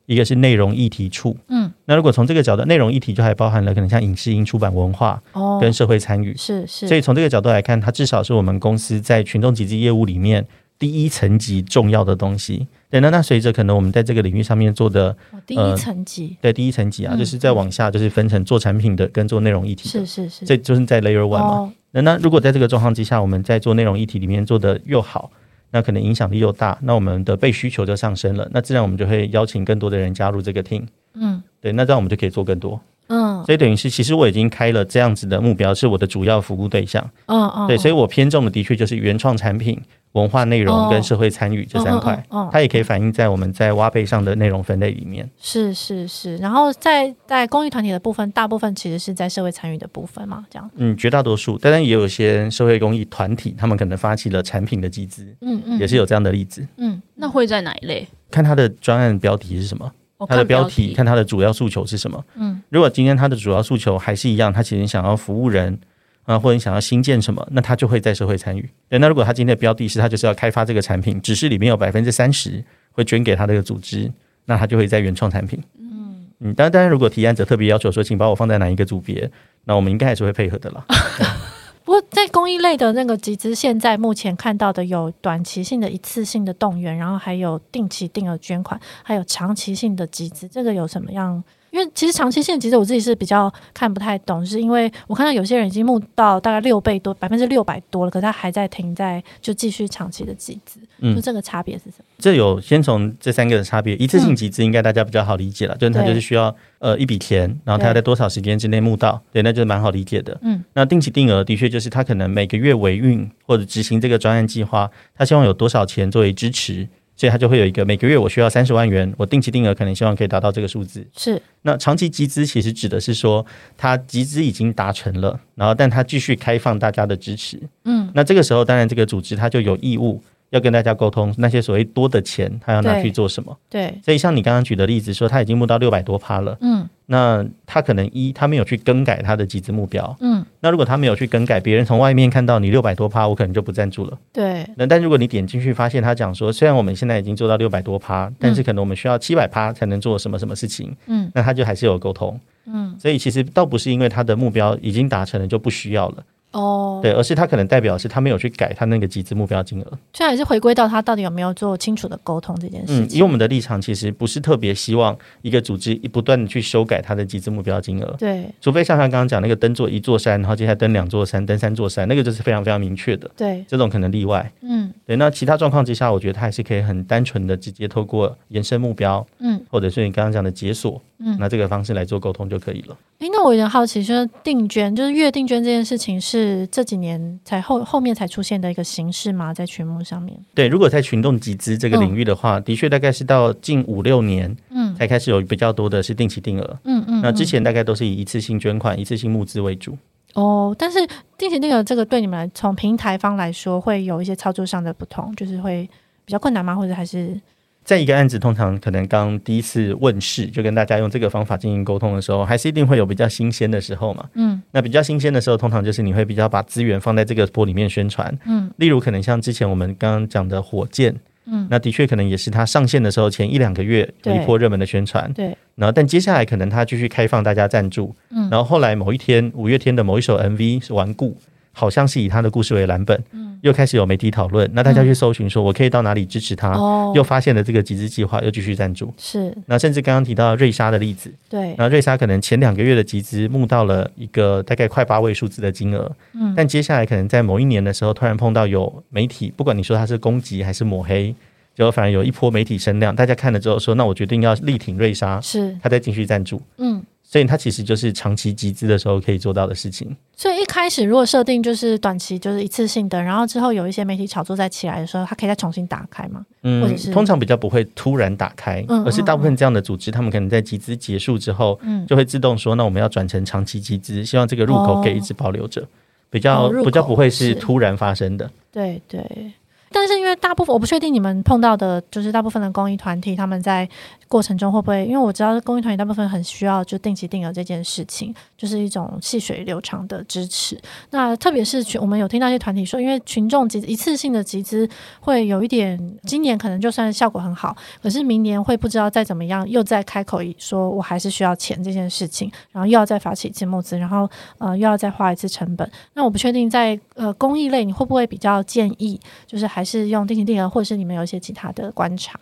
一個是內容議題處。嗯。那如果從這個角度，內容議題就還包含了可能像影視音、音出版、文化、哦，跟社會參與。是是。所以從這個角度來看，它至少是我們公司在群眾集資業務裡面，第一層級重要的東西，對，那那隨着可能我們在這個領域上面做的、哦、第一層級、呃，對，第一層級啊，嗯、就是再往下就是分成做產品的跟做內容議題，是是是，這就是在 layer one 嘛。那、哦、那如果在這個狀況之下，我們在做內容議題裡面做得又好，那可能影響力又大，那我們的被需求就上升了，那自然我們就會邀請更多的人加入這個 team，嗯，對，那這樣我們就可以做更多。嗯，所以等於是，其實我已經開了這樣子的目標，是我的主要服務對象。嗯嗯，對，所以我偏重的的確就是原創產品、文化內容跟社會參與這三塊。嗯、哦哦哦哦、它也可以反映在我們在挖貝上的內容分類裡面。是是是，然後在在公益團體的部分，大部分其實是在社會參與的部分嘛，這樣子。嗯，絕大多數，當然也有一些社會公益團體，他們可能發起了產品的集資。嗯嗯，也是有這樣的例子。嗯，那會在哪一類？看它的專案標題是什麼？它的標題，看它的主要訴求是什麼？嗯，如果今天他的主要訴求還是一樣，他其實想要服務人啊，或者你想要新建什麼，那他就會在社會參與。對，那如果他今天的標題是他就是要開發這個產品，只是裡面有百分之三十會捐給他這個組織，那他就會在原創產品。嗯嗯，當然，當然，如果提案者特別要求說，請把我放在哪一個組別，那我們應該還是會配合的啦。 不過在公益類的那個集資，現在目前看到的有短期性的一次性的動員，然後還有定期定額捐款，還有長期性的集資，這個有什麼樣？因為其實長期性，其實我自己是比較看不太懂，就是因為我看到有些人已經募到大概六倍多，百分之六百多了，可是他還在停在就繼續長期的集資，嗯，就這個差別是什麼？嗯，這有先從這三個的差別，一次性集資應該大家比較好理解了，嗯，就是他就是需要呃一筆錢，然後他要在多少時間之內募到，對，對，那就是蠻好理解的，嗯，那定期定額的確就是他可能每個月維運或者執行這個專案計劃，他希望有多少錢作為支持。所以它就會有一個每個月我需要三十萬元，我定期定額可能希望可以達到這個數字。是，那長期集資其實指的是說，它集資已經達成了，然後但它繼續開放大家的支持。嗯，那這個時候當然這個組織它就有義務。要跟大家溝通，那些所謂多的錢，他要拿去做什麼？對，對所以像你剛剛舉的例子說，說他已經募到六百多趴了，嗯，那他可能一他沒有去更改他的集資目標，嗯，那如果他沒有去更改，別人從外面看到你六百多趴，我可能就不贊助了，對。那但如果你點進去發現他講說，雖然我們現在已經做到六百多趴，但是可能我們需要七百趴才能做什麼什麼事情，嗯，那他就還是有溝通，嗯，所以其實倒不是因為他的目標已經達成了就不需要了。哦、對，而是他可能代表是他沒有去改他那個集資目標金額，這還是回歸到他到底有沒有做清楚的溝通這件事情。嗯，以我們的立場其實不是特別希望一個組織不斷的去修改他的集資目標金額，對，除非像他剛剛講那個登做一座山，然後接下來登兩座山，登三座山，那個就是非常非常明確的，對，這種可能例外，嗯，對。那其他狀況之下，我覺得他還是可以很單純的直接透過延伸目標，嗯，或者是你剛剛講的解鎖。嗯，那這個方式來做溝通就可以了。哎、欸，那我有點好奇，就是定捐，就是月定捐這件事情，是這幾年才後後面才出現的一個形式嗎？在群募上面？對，如果在群眾集資這個領域的話，嗯、的確大概是到近五六年，嗯，才開始有比較多的是定期定額，嗯嗯。那之前大概都是以一次性捐款、嗯、一次性募資為主。哦，但是定期定額這個對你們來，從平台方來說，會有一些操作上的不同，就是會比較困難嗎？或者還是？在一個案子通常可能剛第一次問世，就跟大家用這個方法進行溝通的時候，還是一定會有比較新鮮的時候嘛。嗯，那比較新鮮的時候，通常就是你會比較把資源放在這個波裡面宣傳。嗯，例如可能像之前我們剛剛講的火箭，嗯，那的確可能也是它上線的時候前一兩個月有一波熱門的宣傳。對，然後但接下來可能它繼續開放大家贊助。嗯，然後後來某一天五月天的某一首 MV 是頑固。好像是以他的故事為藍本，又開始有媒體討論，嗯，那大家去搜尋說，我可以到哪裡支持他？嗯，哦，又發現了這個集資計劃，又繼續贊助。是，那甚至剛剛提到瑞莎的例子，對，那瑞莎可能前兩個月的集資募到了一個大概快八位數字的金額，嗯，但接下來可能在某一年的時候，突然碰到有媒體，不管你說他是攻擊還是抹黑。就反正有一波媒體聲量，大家看了之後說，那我決定要力挺瑞莎，是他再繼續贊助，嗯，所以他其實就是長期集資的時候可以做到的事情。所以一開始如果設定就是短期就是一次性的，然後之後有一些媒體炒作再起來的時候，他可以再重新打開嗎？嗯，或者是通常比較不會突然打開、嗯，而是大部分這樣的組織，嗯、他們可能在集資結束之後，就會自動說，嗯、那我們要轉成長期集資，希望這個入口可以一直保留着、哦，比較、哦、比較不會是突然發生的。對對。對但是因為大部分，我不確定你們碰到的，就是大部分的公益團體他們在過程中會不會？因為我知道公益團體大部分很需要就定期定額這件事情，就是一種細水流長的支持。那特別是群，我們有聽到一些團體說，因為群眾集一次性的集資會有一點，今年可能就算效果很好，可是明年會不知道再怎麼樣又再開口說我還是需要錢這件事情，然後又要再發起一次募資，然後呃又要再花一次成本。那我不確定在呃公益類你會不會比較建議，就是還還是用定期定額，或者是你們有一些其他的觀察。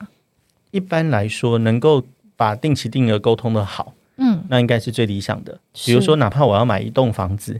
一般來說，能夠把定期定額溝通的好，嗯，那應該是最理想的。比如說，哪怕我要買一棟房子，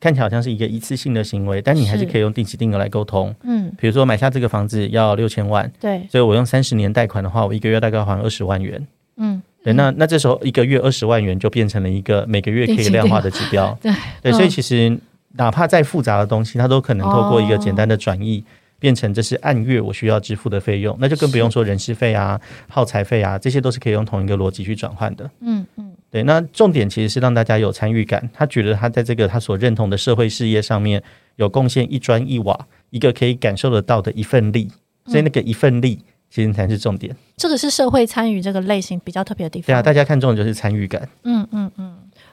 看起來好像是一個一次性的行為，但你還是可以用定期定額來溝通。嗯，比如說買下這個房子要六千萬，對，所以我用三十年貸款的話，我一個月大概還二十萬元嗯。嗯，對，那那這時候一個月二十萬元就變成了一個每個月可以量化的指標。定期定額 對，對、嗯，所以其實哪怕再複雜的東西，它都可能透過一個簡單的轉譯。哦變成這是按月我需要支付的費用，那就更不用說人事費啊、耗材費啊，這些都是可以用同一個邏輯去轉換的。嗯嗯，對。那重點其實是讓大家有參與感，他覺得他在這個他所認同的社會事業上面有貢獻，一磚一瓦，一個可以感受得到的一份力。所以那個一份力，其實才是重點。這個是社會參與這個類型比較特別的地方。對啊，大家看重的就是參與感。嗯嗯嗯。嗯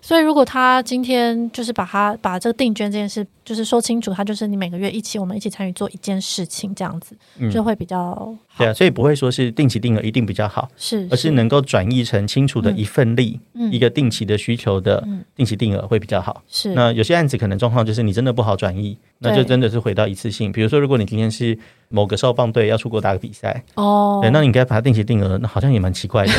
所以，如果他今天就是把他把這個定捐這件事就是說清楚，他就是你每個月一起我們一起參與做一件事情這樣子，就會比較好，嗯。對啊。所以不會說是定期定額一定比較好，是，是，而是能夠轉移成清楚的一份力、嗯，一個定期的需求的定期定額會比較好。是、嗯、那有些案子可能狀況就是你真的不好轉移、嗯，那就真的是回到一次性。比如說，如果你今天是某個少棒隊要出國打個比賽哦，那你應該把它定期定額，那好像也蠻奇怪的。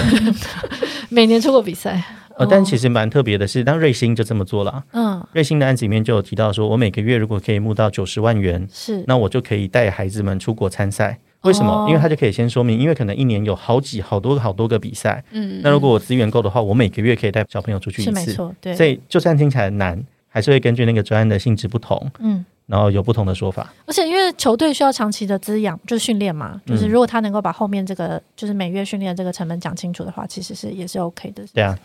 每年出國比賽。哦，但其實蠻特別的是，當瑞星就這麼做了。嗯，瑞星的案子裡面就有提到說，說我每個月如果可以募到九十萬元，是那我就可以帶孩子們出國參賽。為什麼？哦，因為他就可以先說明，因為可能一年有好幾、好多、好多個比賽。嗯，那如果我資源夠的話，我每個月可以帶小朋友出去一次。是沒錯，對。所以就算聽起來難，還是會根據那個專案的性質不同，嗯，然後有不同的說法。而且因為球隊需要長期的滋養，就是訓練嘛，就是如果他能夠把後面這個，嗯，就是每月訓練這個成本講清楚的話，其實是也是 OK 的。對啊。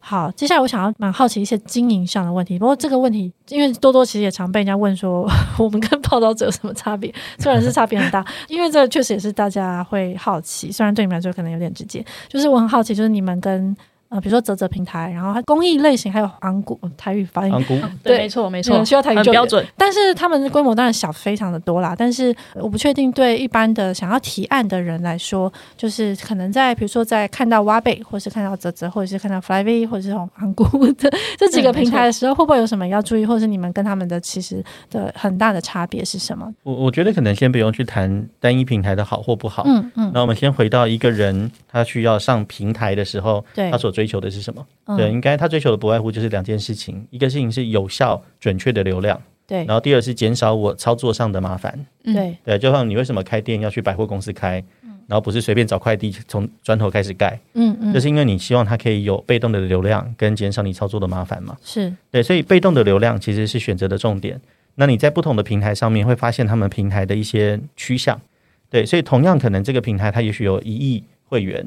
好，接下來我想要蠻好奇一些經營上的問題。不過這個問題，因為多多其實也常被人家問說，我們跟報道者有什麼差別？雖然是差別很大， 因為這確實也是大家會好奇。雖然對你們來說可能有點直接，就是我很好奇，就是你們跟。啊、呃，比如說澤澤平台，然後它公益類型還有紅、嗯、龜、哦、台語發音、嗯，對，沒錯、嗯，沒錯，需要台語，語的標準。但是他們的規模當然小，非常的多啦。但是我不確定，對一般的想要提案的人來說，就是可能在比如說在看到挖貝，或者是看到澤澤，或者是看到 Fly V，或者是這種紅龜這這幾個平台的時候、嗯，會不會有什麼要注意，或是你們跟他們的其實的很大的差別是什麼？我我覺得可能先不用去談單一平台的好或不好，嗯嗯。那我們先回到一個人他需要上平台的時候，對，他所。追求的是什麼？對，應該他追求的不外乎就是兩件事情，一個事情是有效準確的流量，對。然後第二是減少我操作上的麻煩，對。對，就像你為什麼開店要去百貨公司開，然後不是隨便找塊地從磚頭開始蓋？嗯嗯，就是因為你希望它可以有被動的流量，跟減少你操作的麻煩嘛。是，對。所以被動的流量其實是選擇的重點。那你在不同的平台上面會發現他們平台的一些趨向。對，所以同樣可能這個平台它也許有一億會員。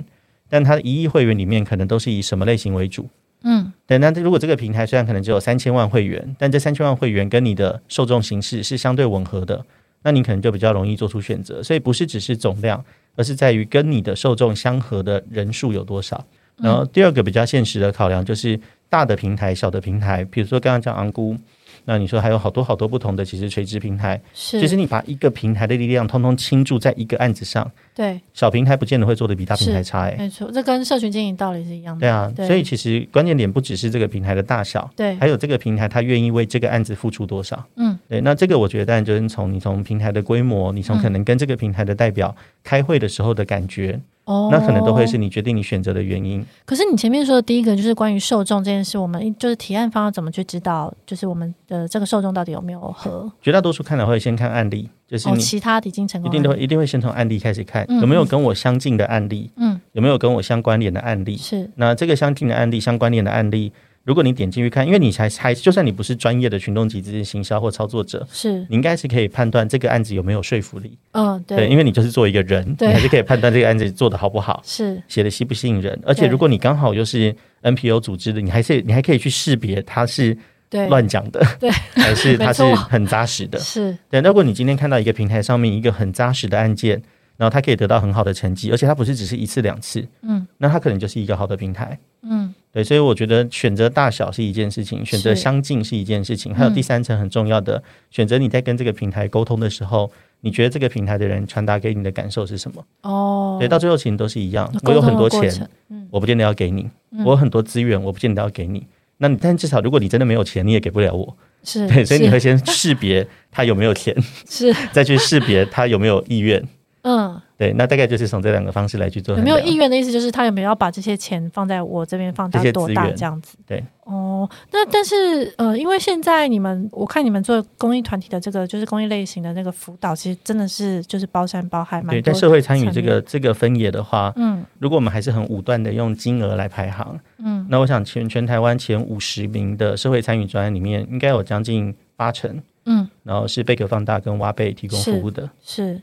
但它的一億會員裡面可能都是以什麼類型為主？嗯，對。那如果這個平台雖然可能只有三千萬會員，但這三千萬會員跟你的受眾形式是相對吻合的，那你可能就比較容易做出選擇。所以不是只是總量，而是在於跟你的受眾相合的人數有多少。然後第二個比較現實的考量就是大的平台、小的平台，比如說剛剛講昂姑。那你說還有好多好多不同的，其實垂直平台，其實、就是、你把一個平台的力量通通傾注在一個案子上，對，小平台不見得會做得比大平台差。欸，哎，沒錯，這跟社群經營道理是一樣的，對啊，對所以其實關鍵點不只是這個平台的大小，對，還有這個平台他願意為這個案子付出多少，嗯，對，那這個我覺得當然就是從你從平台的規模，你從可能跟這個平台的代表開會的時候的感覺。嗯哦，那可能都會是你決定你選擇的原因。可是你前面說的第一個就是關於受眾這件事，我們就是提案方要怎麼去知道，就是我們的這個受眾到底有沒有和絕大多數看的會先看案例，就是其他已經成功一定都會一定會先從案例開始看，哦，有沒有跟我相近的案例，嗯，嗯，有沒有跟我相關聯的案例？是，那這個相近的案例、相關聯的案例。如果你點進去看，因為你才還,是還是就算你不是專業的群眾集資行銷或操作者，是你應該是可以判斷這個案子有沒有說服力。嗯、哦，對，因為你就是做一個人，你還是可以判斷這個案子做得好不好，是寫得吸不吸引人。而且如果你剛好又是 NPO 組織的，你還是你還可以去識別它是亂講的對，對，還是它是很扎實的。對是,是對。如果你今天看到一個平台上面一個很扎實的案件，然後它可以得到很好的成績，而且它不是只是一次兩次，嗯，那它可能就是一個好的平台，嗯。對，所以我覺得選擇大小是一件事情，選擇相近是一件事情，還有第三層很重要的、嗯、選擇，你在跟這個平台溝通的時候，你覺得這個平台的人傳達給你的感受是什麼？哦，對，到最後其實都是一樣。我有很多錢、嗯，我不見得要給你；嗯、我有很多資源，我不見得要給你。那你，但至少如果你真的沒有錢，你也給不了我。是，對，所以你會先識別他有沒有錢，是， 是 再去識別他有沒有意願。嗯，對，那大概就是從這兩個方式來去做。有沒有意願的意思，就是他有沒有要把這些錢放在我這邊放大、多大這樣子？對。哦，那但是呃，因為現在你們，我看你們做公益團體的這個，就是公益類型的那個輔導，其實真的是就是包山包海嘛，對。在社會參與這個這個分野的話，嗯，如果我們還是很武斷的用金額來排行，嗯，那我想全全台灣前五十名的社會參與專案裡面，應該有將近八成，嗯，然後是貝殼放大跟挖貝提供服務的，是。是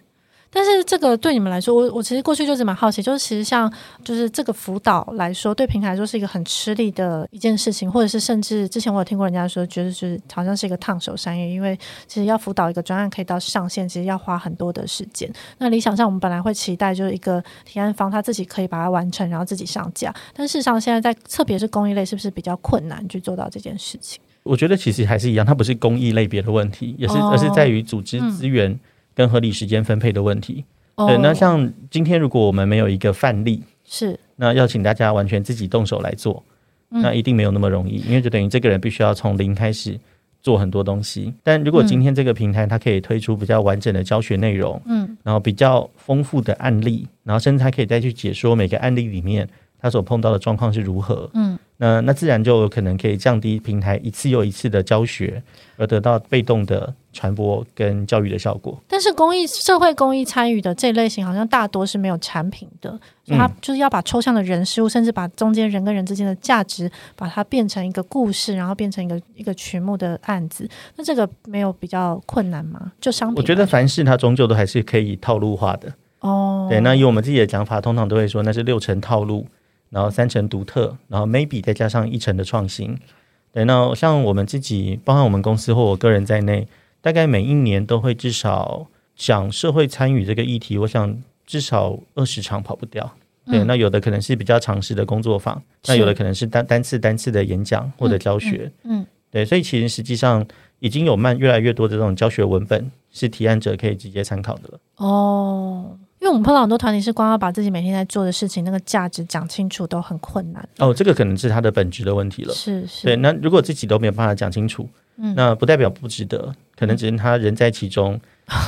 但是這個對你們來說，我我其實過去就是蠻好奇，就是其實像就是這個輔導來說，對平台來說是一個很吃力的一件事情，或者是甚至之前我有聽過人家說，覺得就是好像是一個燙手山芋，因為其實要輔導一個專案可以到上線，其實要花很多的時間。那理想上我們本來會期待就是一個提案方他自己可以把它完成，然後自己上架，但事實上現在在特別是公益類，是不是比較困難去做到這件事情？我覺得其實還是一樣，它不是公益類別的問題，也是而是在於組織資源。哦，嗯。跟合理時間分配的問題，oh, 對，那像今天如果我們沒有一個範例，是，那要請大家完全自己動手來做，嗯、那一定沒有那麼容易，因為就等於這個人必須要從零開始做很多東西。但如果今天這個平台它可以推出比較完整的教學內容，嗯，然後比較豐富的案例，然後甚至還可以再去解說每個案例裡面他所碰到的狀況是如何，嗯。那那自然就可能可以降低平台一次又一次的教學，而得到被動的傳播跟教育的效果。但是公益、社會公益參與的這類型，好像大多是沒有產品的，嗯、所以它就是要把抽象的人事物，甚至把中間人跟人之間的價值，把它變成一個故事，然後變成一個一個群募的案子。那這個沒有比較困難嗎？就商品我覺得凡事它終究都還是可以套路化的。哦，對，那以我們自己的講法，通常都會說那是六成套路。然後三層獨特，然後 maybe 再加上一層的創新，對。那像我們自己，包含我們公司或我個人在內，大概每一年都會至少講社會參與這個議題，我想至少二十場跑不掉。嗯。對，那有的可能是比較長時的工作坊，那有的可能是單單次單次的演講或者教學。嗯嗯。嗯，對。所以其實實際上已經有慢越來越多的這種教學文本是提案者可以直接參考的了。哦。因為我們碰到很多團體是光要把自己每天在做的事情那個價值講清楚都很困難。哦，這個可能是他的本質的問題了。是是，對。那如果自己都沒有辦法講清楚，嗯，那不代表不值得，可能只是他人在其中，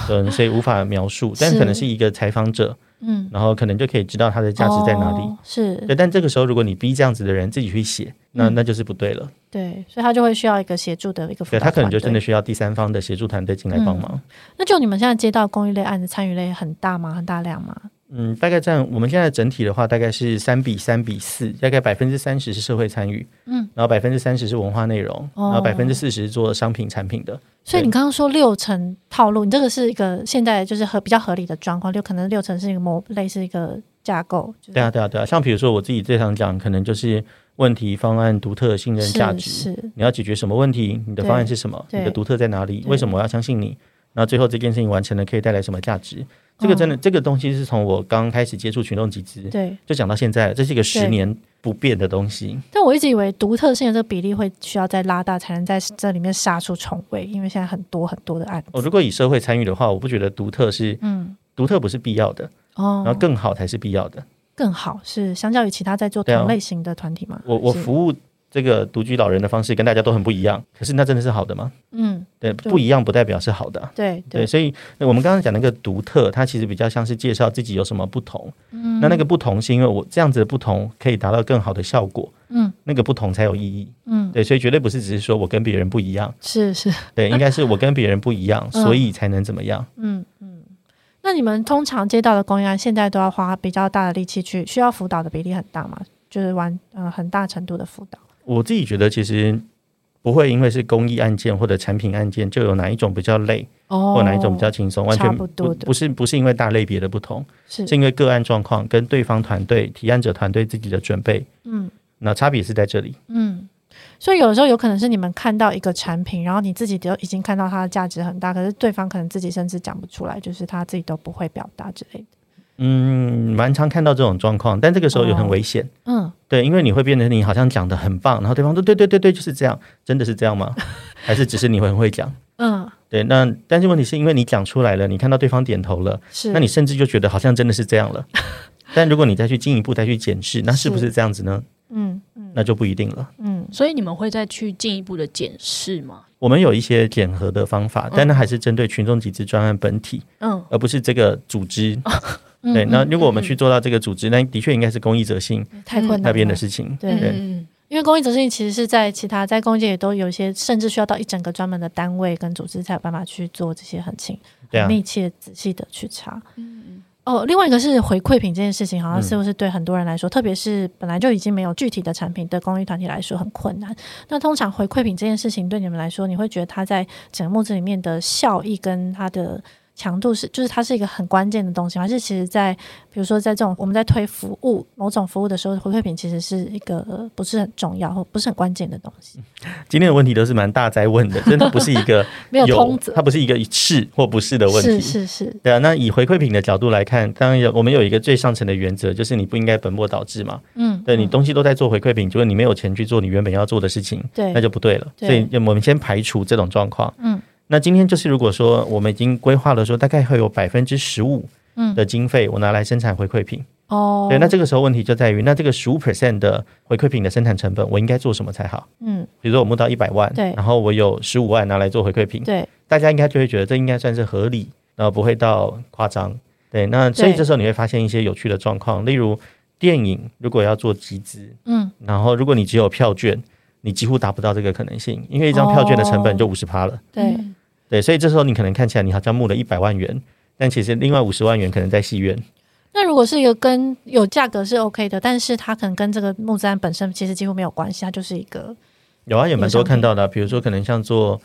嗯，呃、所以無法描述。 但可能是一個採訪者，嗯，然後可能就可以知道他的價值在哪裡。哦、是對。但這個時候，如果你逼這樣子的人自己去寫。嗯、那那就是不對了。對，所以他就會需要一個協助的一個服務。對，他可能就真的需要第三方的協助團隊進來幫忙、嗯。那就你們現在接到公益類案子、參與類很大嗎？很大量嗎？嗯，大概佔我們現在整體的話，大概是三比三比四，大概百分之三十是社會參與，嗯，然後百分之三十是文化內容，然後百分之四十做商品產品的。哦、所以你剛剛說六成套路，你這個是一個現在就是合比較合理的狀況，就可能六成是一個某類似一個架構。對、就、啊、是，對啊，啊、對啊，像比如說我自己最常講，可能就是。問題方案、獨特、信任、價值，是，是你要解決什麼問題？你的方案是什麼？你的獨特在哪裡？為什麼我要相信你？然後最後這件事情完成了，可以帶來什麼價值？這個真的，嗯、這個東西是從我剛開始接觸群眾集資，對，就講到現在，這是一個十年不變的東西。但我一直以為獨特性的這個比例會需要再拉大，才能在這裡面殺出重圍，因為現在很多很多的案子。哦，如果以社會參與的話，我不覺得獨特是，嗯，獨特不是必要的哦、嗯，然後更好才是必要的。哦更好，是相較於其他在做同類型的團體嗎？我我服務這個獨居老人的方式跟大家都很不一樣，可是那真的是好的嗎？嗯，對，對對對，不一樣不代表是好的。對對，對，所以我們剛剛講那個獨特，它其實比較像是介紹自己有什麼不同。嗯，那那個不同是因為我這樣子的不同可以達到更好的效果。嗯，那個不同才有意義。嗯，對，所以絕對不是只是說我跟別人不一樣。是是，對， 應該是我跟別人不一樣，嗯，所以才能怎麼樣？嗯嗯。那你們通常接到的公益案，現在都要花比較大的力氣去，需要輔導的比例很大嗎？就是完呃，很大程度的輔導。我自己覺得，其實不會因為是公益案件或者產品案件，就有哪一種比較累，哦、或哪一種比較輕鬆，完全不不，不是不是因為大類別的不同，是，是因為個案狀況跟對方團隊、提案者團隊自己的準備，嗯，那差別是在這裡，嗯。所以有時候有可能是你們看到一個產品，然後你自己都已經看到它的價值很大，可是對方可能自己甚至講不出來，就是他自己都不會表達之類的。嗯，蠻常看到這種狀況，但這個時候有很危險、哦。嗯，對，因為你會變成你好像講得很棒，然後對方都對對對對就是這樣，真的是這樣嗎？ 還是只是你會很會講？嗯，對。那但是問題是因為你講出來了，你看到對方點頭了，是，那你甚至就覺得好像真的是這樣了。 但如果你再去進一步再去檢視，那是不是這樣子呢？嗯，嗯，那就不一定了。嗯，所以你們會再去進一步的檢視嗎？我們有一些檢核的方法，嗯、但那還是針對群眾集資專案本體，嗯，而不是這個組織。哦嗯、 對、嗯，那如果我們去做到這個組織，嗯嗯、那的確應該是公益責信太困難了那邊的事情、嗯對嗯嗯嗯。對，因為公益責信其實是在其他在公益界也都有一些，甚至需要到一整個專門的單位跟組織才有辦法去做這些很輕、啊、很密切、仔細的去查。嗯。哦，另外一個是回饋品這件事情，好像似乎是對很多人來說，嗯、特別是本來就已經沒有具體的產品的公益團體來說很困難。那通常回饋品這件事情對你們來說，你會覺得它在整個募資裡面的效益跟它的。強度是，就是它是一個很關鍵的東西，還是其實在比如說在這種我們在推服務某種服務的時候，回饋品其實是一個、呃、不是很重要或不是很關鍵的東西。今天的問題都是蠻大哉問的，真 的不是一個有 沒有通則，它不是一個是或不是的問題。是是是，對啊。那以回饋品的角度來看，當然有我們有一個最上層的原則，就是你不應該本末倒置嘛。嗯，對，你東西都在做回饋品，結、就、果、是、你沒有錢去做你原本要做的事情，對，那就不對了。對所以我們先排除這種狀況。嗯。那今天就是，如果說我們已經規劃了說，大概會有百分之十五的經費，我拿來生產回饋品，嗯。哦，對，那這個時候問題就在於，那這個十五 percent 的回饋品的生產成本，我應該做什麼才好？嗯，比如說我募到一百萬，對，然後我有十五萬拿來做回饋品，對，大家應該就會覺得這應該算是合理，然後不會到誇張。對，那所以這時候你會發現一些有趣的狀況，例如電影如果要做集資，嗯，然後如果你只有票券，你幾乎達不到這個可能性，因為一張票券的成本就五十趴了。哦，對。嗯對，所以這時候你可能看起來你好像募了一百萬元，但其實另外五十萬元可能在戲院。那如果是一個跟有價格是 OK 的，但是它可能跟這個募資案本身其實幾乎沒有關係，它就是一個有啊，也蠻多看到的，啊，比如說可能像做，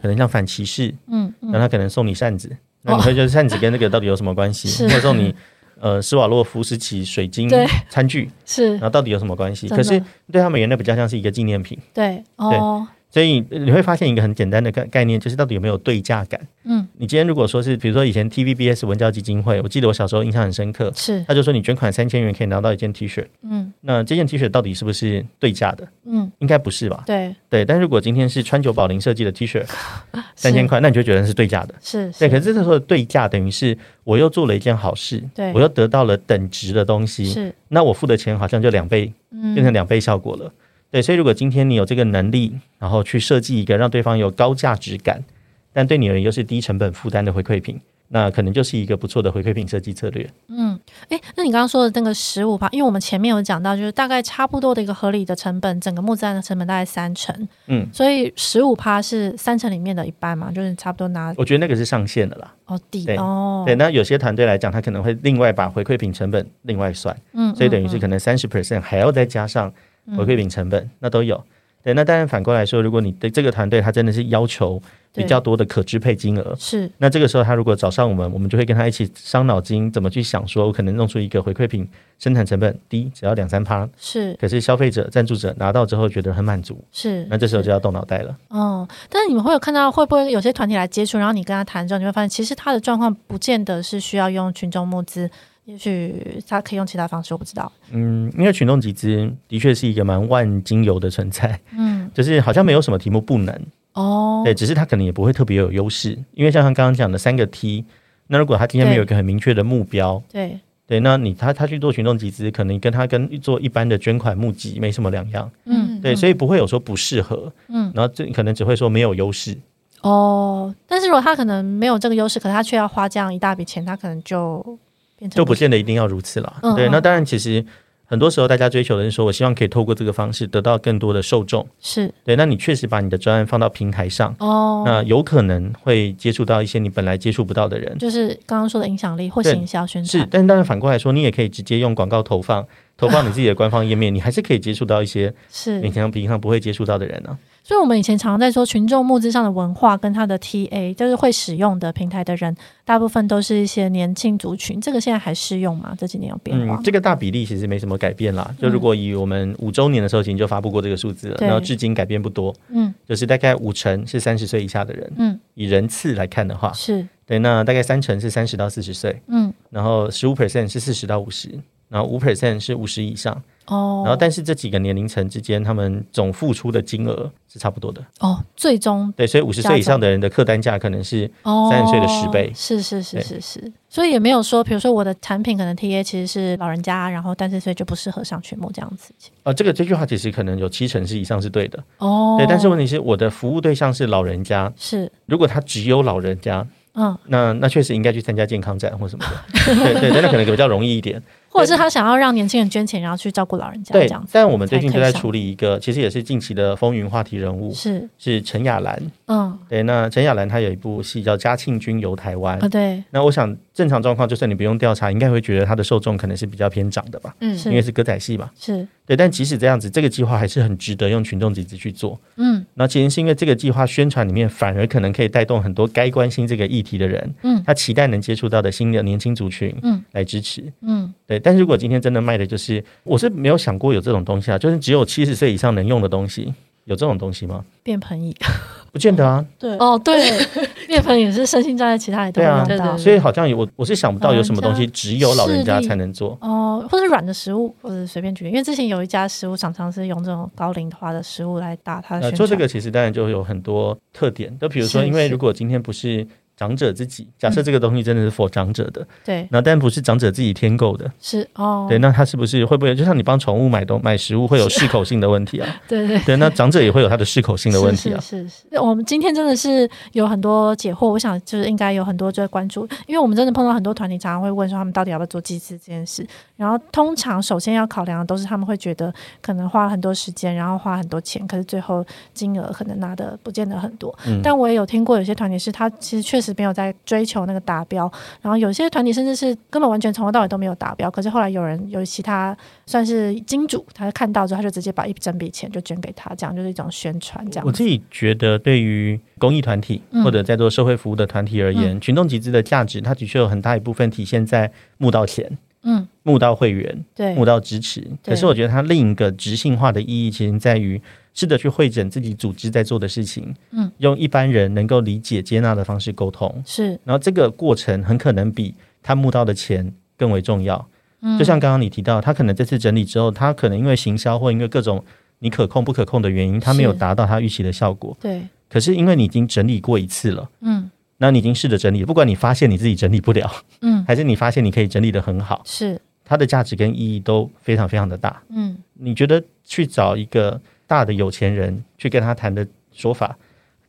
可能像反歧視，嗯，那、嗯、他可能送你扇子，嗯，那你會覺得扇子跟這個到底有什麼關係，哦？或者送你 呃施華洛世奇水晶餐具是，然後到底有什麼關係？可是對他們原來比較像是一個紀念品，對，對。哦所以你會發現一個很簡單的概概念，就是到底有沒有對價感。嗯，你今天如果說是，比如說以前 TVBS 文教基金會，我記得我小時候印象很深刻，是他就說你捐款三千元可以拿到一件 T 恤。嗯，那這件 T 恤到底是不是對價的？嗯，應該不是吧？對對，但如果今天是川久保玲設計的 T 恤，嗯，三千塊，那你就覺得是對價的。是，是，對，可是這時候的對價等於是我又做了一件好事，對，我又得到了等值的東西。是，那我付的錢好像就兩倍，嗯，變成兩倍效果了。對，所以如果今天你有這個能力，然後去設計一個讓對方有高價值感，但對你而言又是低成本負擔的回饋品，那可能就是一個不錯的回饋品設計策略。嗯，誒，那你剛剛說的那個十五趴，因為我們前面有講到，就是大概差不多的一個合理的成本，整個募資的成本大概三成，嗯，所以十五趴是三成裡面的一半嘛，就是差不多拿。我覺得那個是上限的啦。哦，底哦。對，那有些團隊來講，他可能會另外把回饋品成本另外算，嗯，嗯，嗯，所以等於是可能三十 percent 還要再加上。回饋品成本、嗯、那都有，對，那當然反過來說，如果你對這個團隊他真的是要求比較多的可支配金額，是，那這個時候他如果找上我們，我們就會跟他一起傷腦筋，怎麼去想，說我可能弄出一個回饋品，生產成本低，只要兩三趴，是，可是消費者贊助者拿到之後覺得很滿足，是，那這時候就要動腦袋了。嗯，但是你們會有看到會不會有些團體來接觸，然後你跟他談之後，你會發現其實他的狀況不見得是需要用群眾募資。也許他可以用其他方式，我不知道。嗯，因為群眾集資的確是一個蠻萬金油的存在。嗯，就是好像沒有什麼題目不能。哦，對，只是他可能也不會特別有優勢，因為像他剛剛講的三個 T，那如果他今天沒有一個很明確的目標，對對，那你他他去做群眾集資，可能跟他跟做一般的捐款募集沒什麼兩樣。嗯，嗯，對，所以不會有說不適合。嗯，然後這可能只會說沒有優勢。哦，但是如果他可能沒有這個優勢，可是他卻要花這樣一大筆錢，他可能就。不就不見得一定要如此了，嗯啊，對。那當然，其實很多時候大家追求的是說，我希望可以透過這個方式得到更多的受眾，是對。那你確實把你的專案放到平台上，哦，那有可能會接觸到一些你本來接觸不到的人，就是剛剛說的影響力或營銷宣傳。是，但是當然反過來說，你也可以直接用廣告投放，投放你自己的官方頁面，啊，你還是可以接觸到一些是你平常平常不會接觸到的人呢，啊。所以，我們以前常常在說群眾募資上的文化跟他的 TA，就是會使用的平台的人，大部分都是一些年輕族群。這個現在還適用嗎？這幾年有變化嗎？嗯，這個大比例其實沒什麼改變了啦。就如果以我們五週年的時候，已經就發布過這個數字了，了、嗯，然後至今改變不多。嗯，就是大概五成是三十歲以下的人。嗯，以人次來看的話，是對。那大概三成是三十到四十歲。嗯，然後十五 percent 是四十到五十，然後五 percent 是五十以上。哦、oh,，然後但是這幾個年齡層之間，他們總付出的金額是差不多的。哦、oh,，最終對，所以五十歲以上的人的客單價可能是三十歲的十倍。oh,。是是是是是，所以也沒有說，比如說我的產品可能 TA 其實是老人家，然後三十歲就不適合上群募這樣子。呃，這個這句話其實可能有七成是以上是對的。哦、oh,，對，但是問題是我的服務對象是老人家，是、oh. 如果他只有老人家，嗯、oh.，那那確實應該去參加健康展或什麼的， 對對，那可能比較容易一點。或者是他想要讓年輕人捐錢，然後去照顧老人家這樣子。對，但我們最近就在處理一個，其實也是近期的風雲話題人物，是是陳亞蘭。嗯、oh.，對，那陳亞蘭她有一部戲叫《嘉慶君遊台灣》啊，oh, 對。那我想正常狀況，就算你不用調查，應該會覺得它的受眾可能是比較偏長的吧？嗯，是，因為是歌仔戲嘛，是對。但即使這樣子，這個計劃還是很值得用群眾集資去做。嗯，那其實是因為這個計劃宣傳裡面，反而可能可以帶動很多該關心這個議題的人。嗯，他期待能接觸到的新的年輕族群，嗯，來支持嗯。嗯，對。但是如果今天真的賣的就是，我是沒有想過有這種東西啊，就是只有七十歲以上能用的東西。有這種東西嗎？便盆椅， 不見得啊。對，哦，對， 便盆也是身心障礙，其他也都能做。對、啊、對，對，對，所以好像有我，我是想不到有什麼東西只有老人家才能做哦、嗯呃，或者軟的食物，或者隨便舉例，因為之前有一家食物常常是用這種高齡化的食物來打它。做、嗯、這個其實當然就有很多特點，就比如說，因為如果今天不是。長者自己，假設這個東西真的是 for 長者的，對、嗯，那但不是長者自己添購的，是哦，對，那他是不是會不會就像你幫寵物買東買食物會有適口性的問題啊？ 對，對，對對對，那長者也會有他的適口性的問題啊。是是，是是，我們今天真的是有很多解惑。我想就是應該有很多在關注，因為我們真的碰到很多團體常常會問說，他們到底要不要做集資這件事。然後通常首先要考量的都是他們會覺得可能花很多時間，然後花很多錢，可是最後金額可能拿的不見得很多，嗯。但我也有聽過有些團體是他其實確是沒有在追求那個達標，然後有些團體甚至是根本完全從頭到尾都沒有達標，可是後來有人有其他算是金主，他看到之後，他就直接把一整筆錢就捐給他，這樣就是一種宣傳。這樣，我自己覺得對於公益團體或者在做社會服務的團體而言，嗯、群眾集資的價值，它的確有很大一部分體現在募到錢。嗯，募到會員，對，募到支持。可是我覺得他另一個直性化的意義，其實在於試着去彙整自己組織在做的事情。嗯，用一般人能夠理解、接納的方式溝通。是，然後這個過程很可能比他募到的錢更為重要。嗯，就像剛剛你提到，他可能這次整理之後，他可能因為行銷或因為各種你可控、不可控的原因，他沒有達到他預期的效果。對。可是因為你已經整理過一次了，嗯。那你已經試着整理，不管你發現你自己整理不了，嗯，還是你發現你可以整理得很好，是它的價值跟意義都非常非常的大，嗯，你覺得去找一個大的有錢人去跟他談的說法，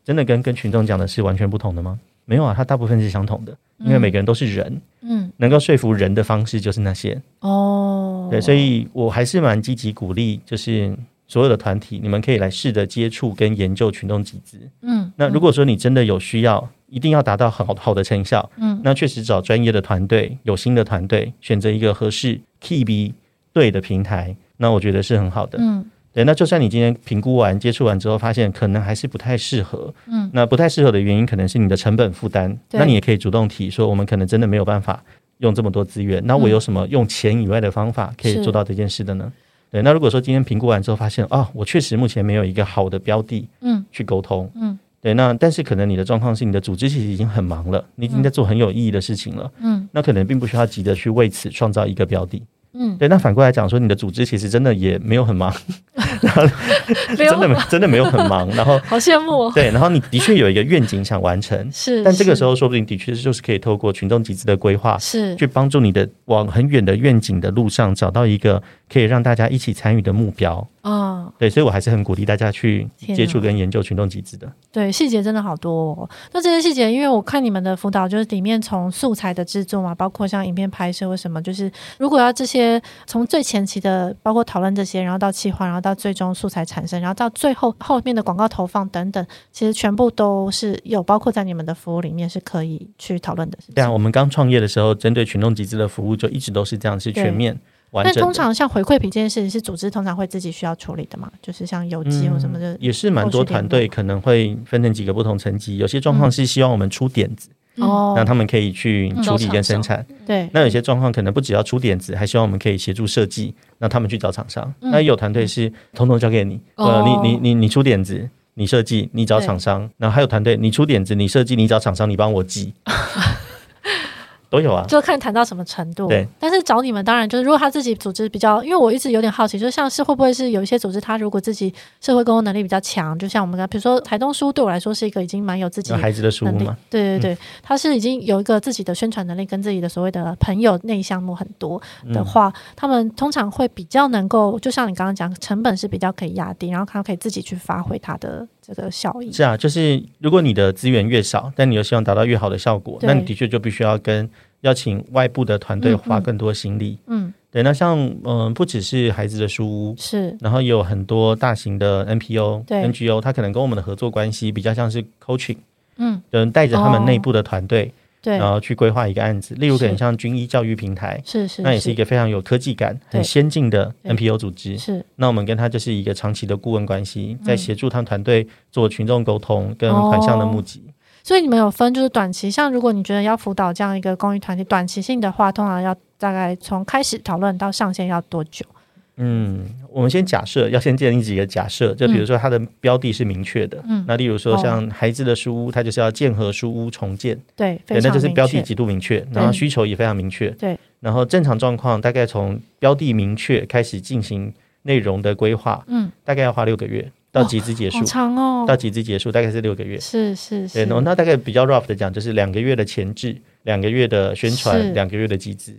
真的跟跟群眾講的是完全不同的嗎？沒有啊，他大部分是相同的，因為每個人都是人，嗯，能夠說服人的方式就是那些哦，對，所以我還是蠻積極鼓勵，就是所有的團體，你們可以來試着接觸跟研究群眾集資，嗯，那如果說你真的有需要。一定要達到很好的成效，嗯，那確實找專業的團隊，有新的團隊選擇一個合適 KB 對的平台，那我覺得是很好的，嗯，對。那就算你今天評估完、接觸完之後，發現可能還是不太適合，嗯，那不太適合的原因可能是你的成本負擔，嗯，那你也可以主動提說，我們可能真的沒有辦法用這麼多資源，嗯。那我有什麼用錢以外的方法可以做到這件事的呢？對，那如果說今天評估完之後發現哦，啊，我確實目前沒有一個好的標的，嗯，去溝通，嗯。嗯對，那但是可能你的狀況是，你的組織其實已經很忙了，你已經在做很有意義的事情了。嗯，那可能並不需要急着去為此創造一個標的。嗯，對。那反過來講說，你的組織其實真的也沒有很忙，嗯、然後 真的真的沒有很忙。呵呵，然後，好羨慕哦。對，然後你的確有一個願景想完成，是。但這個時候，說不定的確就是可以透過群眾集資的規劃，是去幫助你的往很遠的願景的路上找到一個可以讓大家一起參與的目標。啊、哦，對，所以我還是很鼓勵大家去接觸跟研究群眾集資的、啊。對，細節真的好多、哦。那這些細節，因為我看你們的輔導，就是裡面從素材的制作嘛，包括像影片拍攝或什麼，就是如果要這些從最前期的，包括討論這些，然後到企劃，然後到最終素材產生，然後到最後後面的廣告投放等等，其實全部都是有包括在你們的服務裡面，是可以去討論的。對啊，我們剛創業的時候，針對群眾集資的服務就一直都是這樣，是全面。那通常像回饋品這件事情是組織通常會自己需要處理的嘛、嗯？就是像郵寄或什麼的，也是蠻多團隊可能會分成幾個不同層級。嗯、有些狀況是希望我們出點子，讓、嗯、他們可以去處理跟生產。對、嗯嗯，那有些狀況可能不只要出點子，還希望我們可以協助設計，讓他們去找廠商、嗯。那有團隊是通通交給你，嗯、呃，哦、你你你你出點子，你設計，你找廠商。然後還有團隊，你出點子，你設計，你找廠商，你幫我寄。 都有啊，就看談到什麼程度。對，但是找你們當然就是，如果他自己組織比較，因為我一直有點好奇，就像是會不會是有一些組織，他如果自己社會工作能力比較強，就像我們剛比如說台東書屋，對我來說是一個已經蠻有自己的孩子的書屋嘛。對對對、嗯，他是已經有一個自己的宣傳能力跟自己的所謂的朋友那項目很多的話、嗯，他們通常會比較能夠，就像你剛剛講，成本是比較可以壓低，然後他可以自己去發揮他的。這個效益是啊，就是如果你的資源越少，但你又希望達到越好的效果，那你的確就必須要跟邀請外部的團隊花更多的心力、嗯。嗯，對。那像嗯、呃，不只是孩子的書屋是，然後也有很多大型的 NPO、NGO，他可能跟我們的合作關係比較像是 coaching，嗯，有人帶着他們內部的團隊。對，然後去規劃一個案子，例如可能像軍醫教育平台，是是，那也是一個非常有科技感、很先進的 NPO 組織。是，那我們跟他就是一個長期的顧問關係，在協助他們團隊做群眾溝通跟款項的募集、嗯哦。所以你們有分就是短期，像如果你覺得要輔導這樣一個公益團體，短期性的話，通常要大概從開始討論到上線要多久？嗯，我們先假設，要先建立幾個假設，就比如說它的標的是明確的、嗯，那例如說像孩子的書屋，嗯、它就是要建和書屋重建，對非常明確，對，那就是標的極度明確，然後需求也非常明確，對、嗯，然後正常狀況大概從標的明確開始進行內容的規劃，嗯，大概要花六個月、嗯、到集資結束，哦、好長哦、到集資結束大概是六個月，是是，是對，是那大概比較 rough 的講，就是兩個月的前置，兩個月的宣傳，兩個月的集資。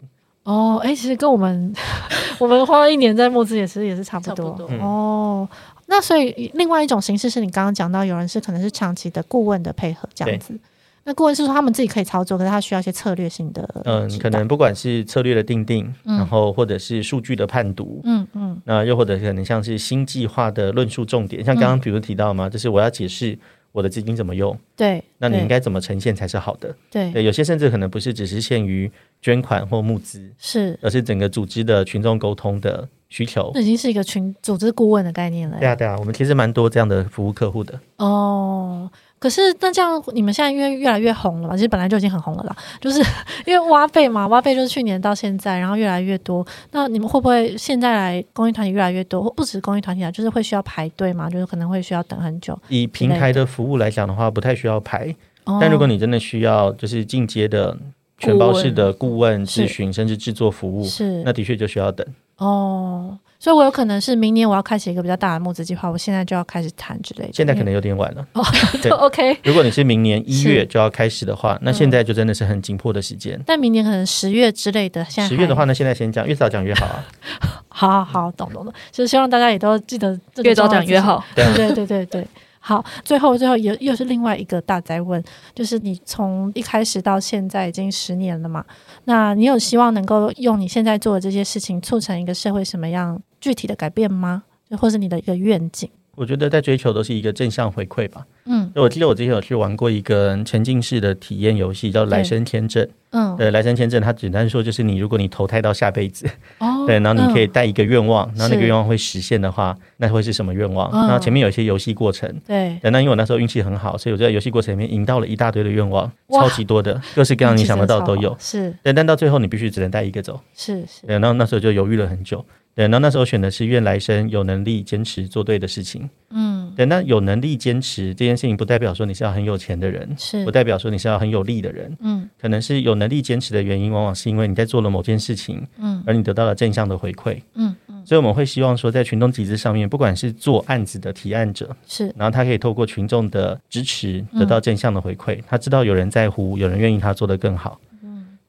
哦，哎、欸，其實跟我們 我們花了一年在募資，其實也是，也是差不多。差不多。哦，那所以另外一種形式是你剛剛講到，有人是可能是長期的顧問的配合這樣子。那顧問是說他們自己可以操作，可是他需要一些策略性的，嗯、呃，可能不管是策略的定定，然後或者是數據的判讀，嗯，嗯，嗯，那又或者是可能像是新計劃的論述重點，像剛剛比如說提到嘛、嗯，就是我要解釋。我的資金怎麼用？對，那你應該怎麼呈現才是好的？對，對有些甚至可能不是只是限於捐款或募資，是，而是整個組織的群眾溝通的需求。這已經是一個群組織顧問的概念了欸。對啊對啊，我們其實蠻多這樣的服務客戶的哦。可是，那這樣你們現在因為越來越紅了嘛？其實本來就已經很紅了啦，就是因為挖貝嘛，挖貝就是去年到現在，然後越來越多。那你們會不會現在來公益團體越來越多，或不止公益團體啊，就是會需要排隊嘛？就是可能會需要等很久。以平台的服務來講的話，不太需要排。哦，但如果你真的需要，就是進階的全包式的顧問諮詢，甚至制作服務，是那的確就需要等哦。所以，我有可能是明年我要開啟一個比較大的募資計劃，我現在就要開始談之類的。現在可能有點晚了。哦，oh, okay. 對，OK。如果你是明年一月就要開始的話，那現在就真的是很緊迫的時間。嗯，但明年可能十月之類的，現的，現在十月的話，那現在先講，越早講越好啊。 好好好，懂懂懂。就是希望大家也都記得，越早講越好。對對對對對。 好，最後最後又又是另外一個大哉問，就是你從一開始到現在已經十年了嘛？那你有希望能夠用你現在做的這些事情，促成一個社會什麼樣？具體的改變嗎？或是你的一個願景？我覺得在追求都是一個正向回饋吧。嗯，我記得我之前有去玩過一個沉浸式的體驗遊戲，叫《來生簽證》。嗯，對，《來生簽證》它簡單說就是你，如果你投胎到下輩子，哦，對，然後你可以帶一個願望，嗯、然後那個願望會實現的話，那會是什麼願望？那、嗯、前面有一些遊戲過程對對，對。那因為我那時候運氣很好，所以我在遊戲過程裡面贏到了一大堆的願望，超級多的，各式各樣你想得到的都有。是，但但到最後你必須只能帶一個走。是是。對，那那時候就猶豫了很久。對，那那時候選的是願來生有能力堅持做對的事情。嗯，對，那有能力堅持這件事情，不代表說你是要很有錢的人，是，不代表說你是要很有力的人。嗯，可能是有能力堅持的原因，往往是因為你在做了某件事情，嗯，而你得到了正向的回饋。嗯，嗯，所以我們會希望說，在群眾集資上面，不管是做案子的提案者是，然後他可以透過群眾的支持得到正向的回饋，嗯，他知道有人在乎，有人願意他做得更好。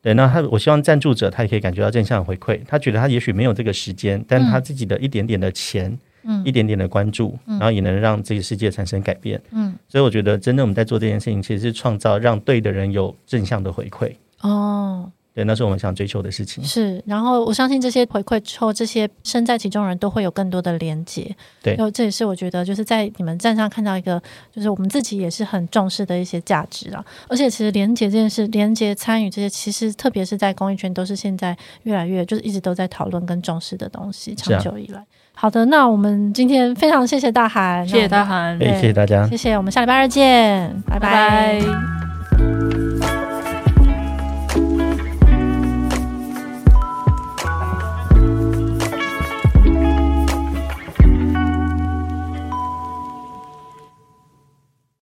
對，那他我希望贊助者他也可以感覺到正向的回饋，他覺得他也許沒有這個時間，嗯，但他自己的一點點的錢，嗯，一點點的關注，嗯，然後也能讓這個世界產生改變，嗯，所以我覺得，真正我們在做這件事情，其實是創造讓對的人有正向的回饋哦。對，那是我們想追求的事情。是，然後我相信這些回饋之後，這些身在其中的人都會有更多的連接。對，然後這也是我覺得，就是在你們站上看到一個，就是我們自己也是很重視的一些價值啊。而且其實連接這件事，連接參與這些，其實特別是在公益圈，都是現在越來越就是一直都在討論跟重視的東西。長久以來。啊、好的，那我們今天非常謝謝大涵，謝謝大涵、欸，謝謝大家，謝謝。我們下禮拜二見，拜拜。拜拜。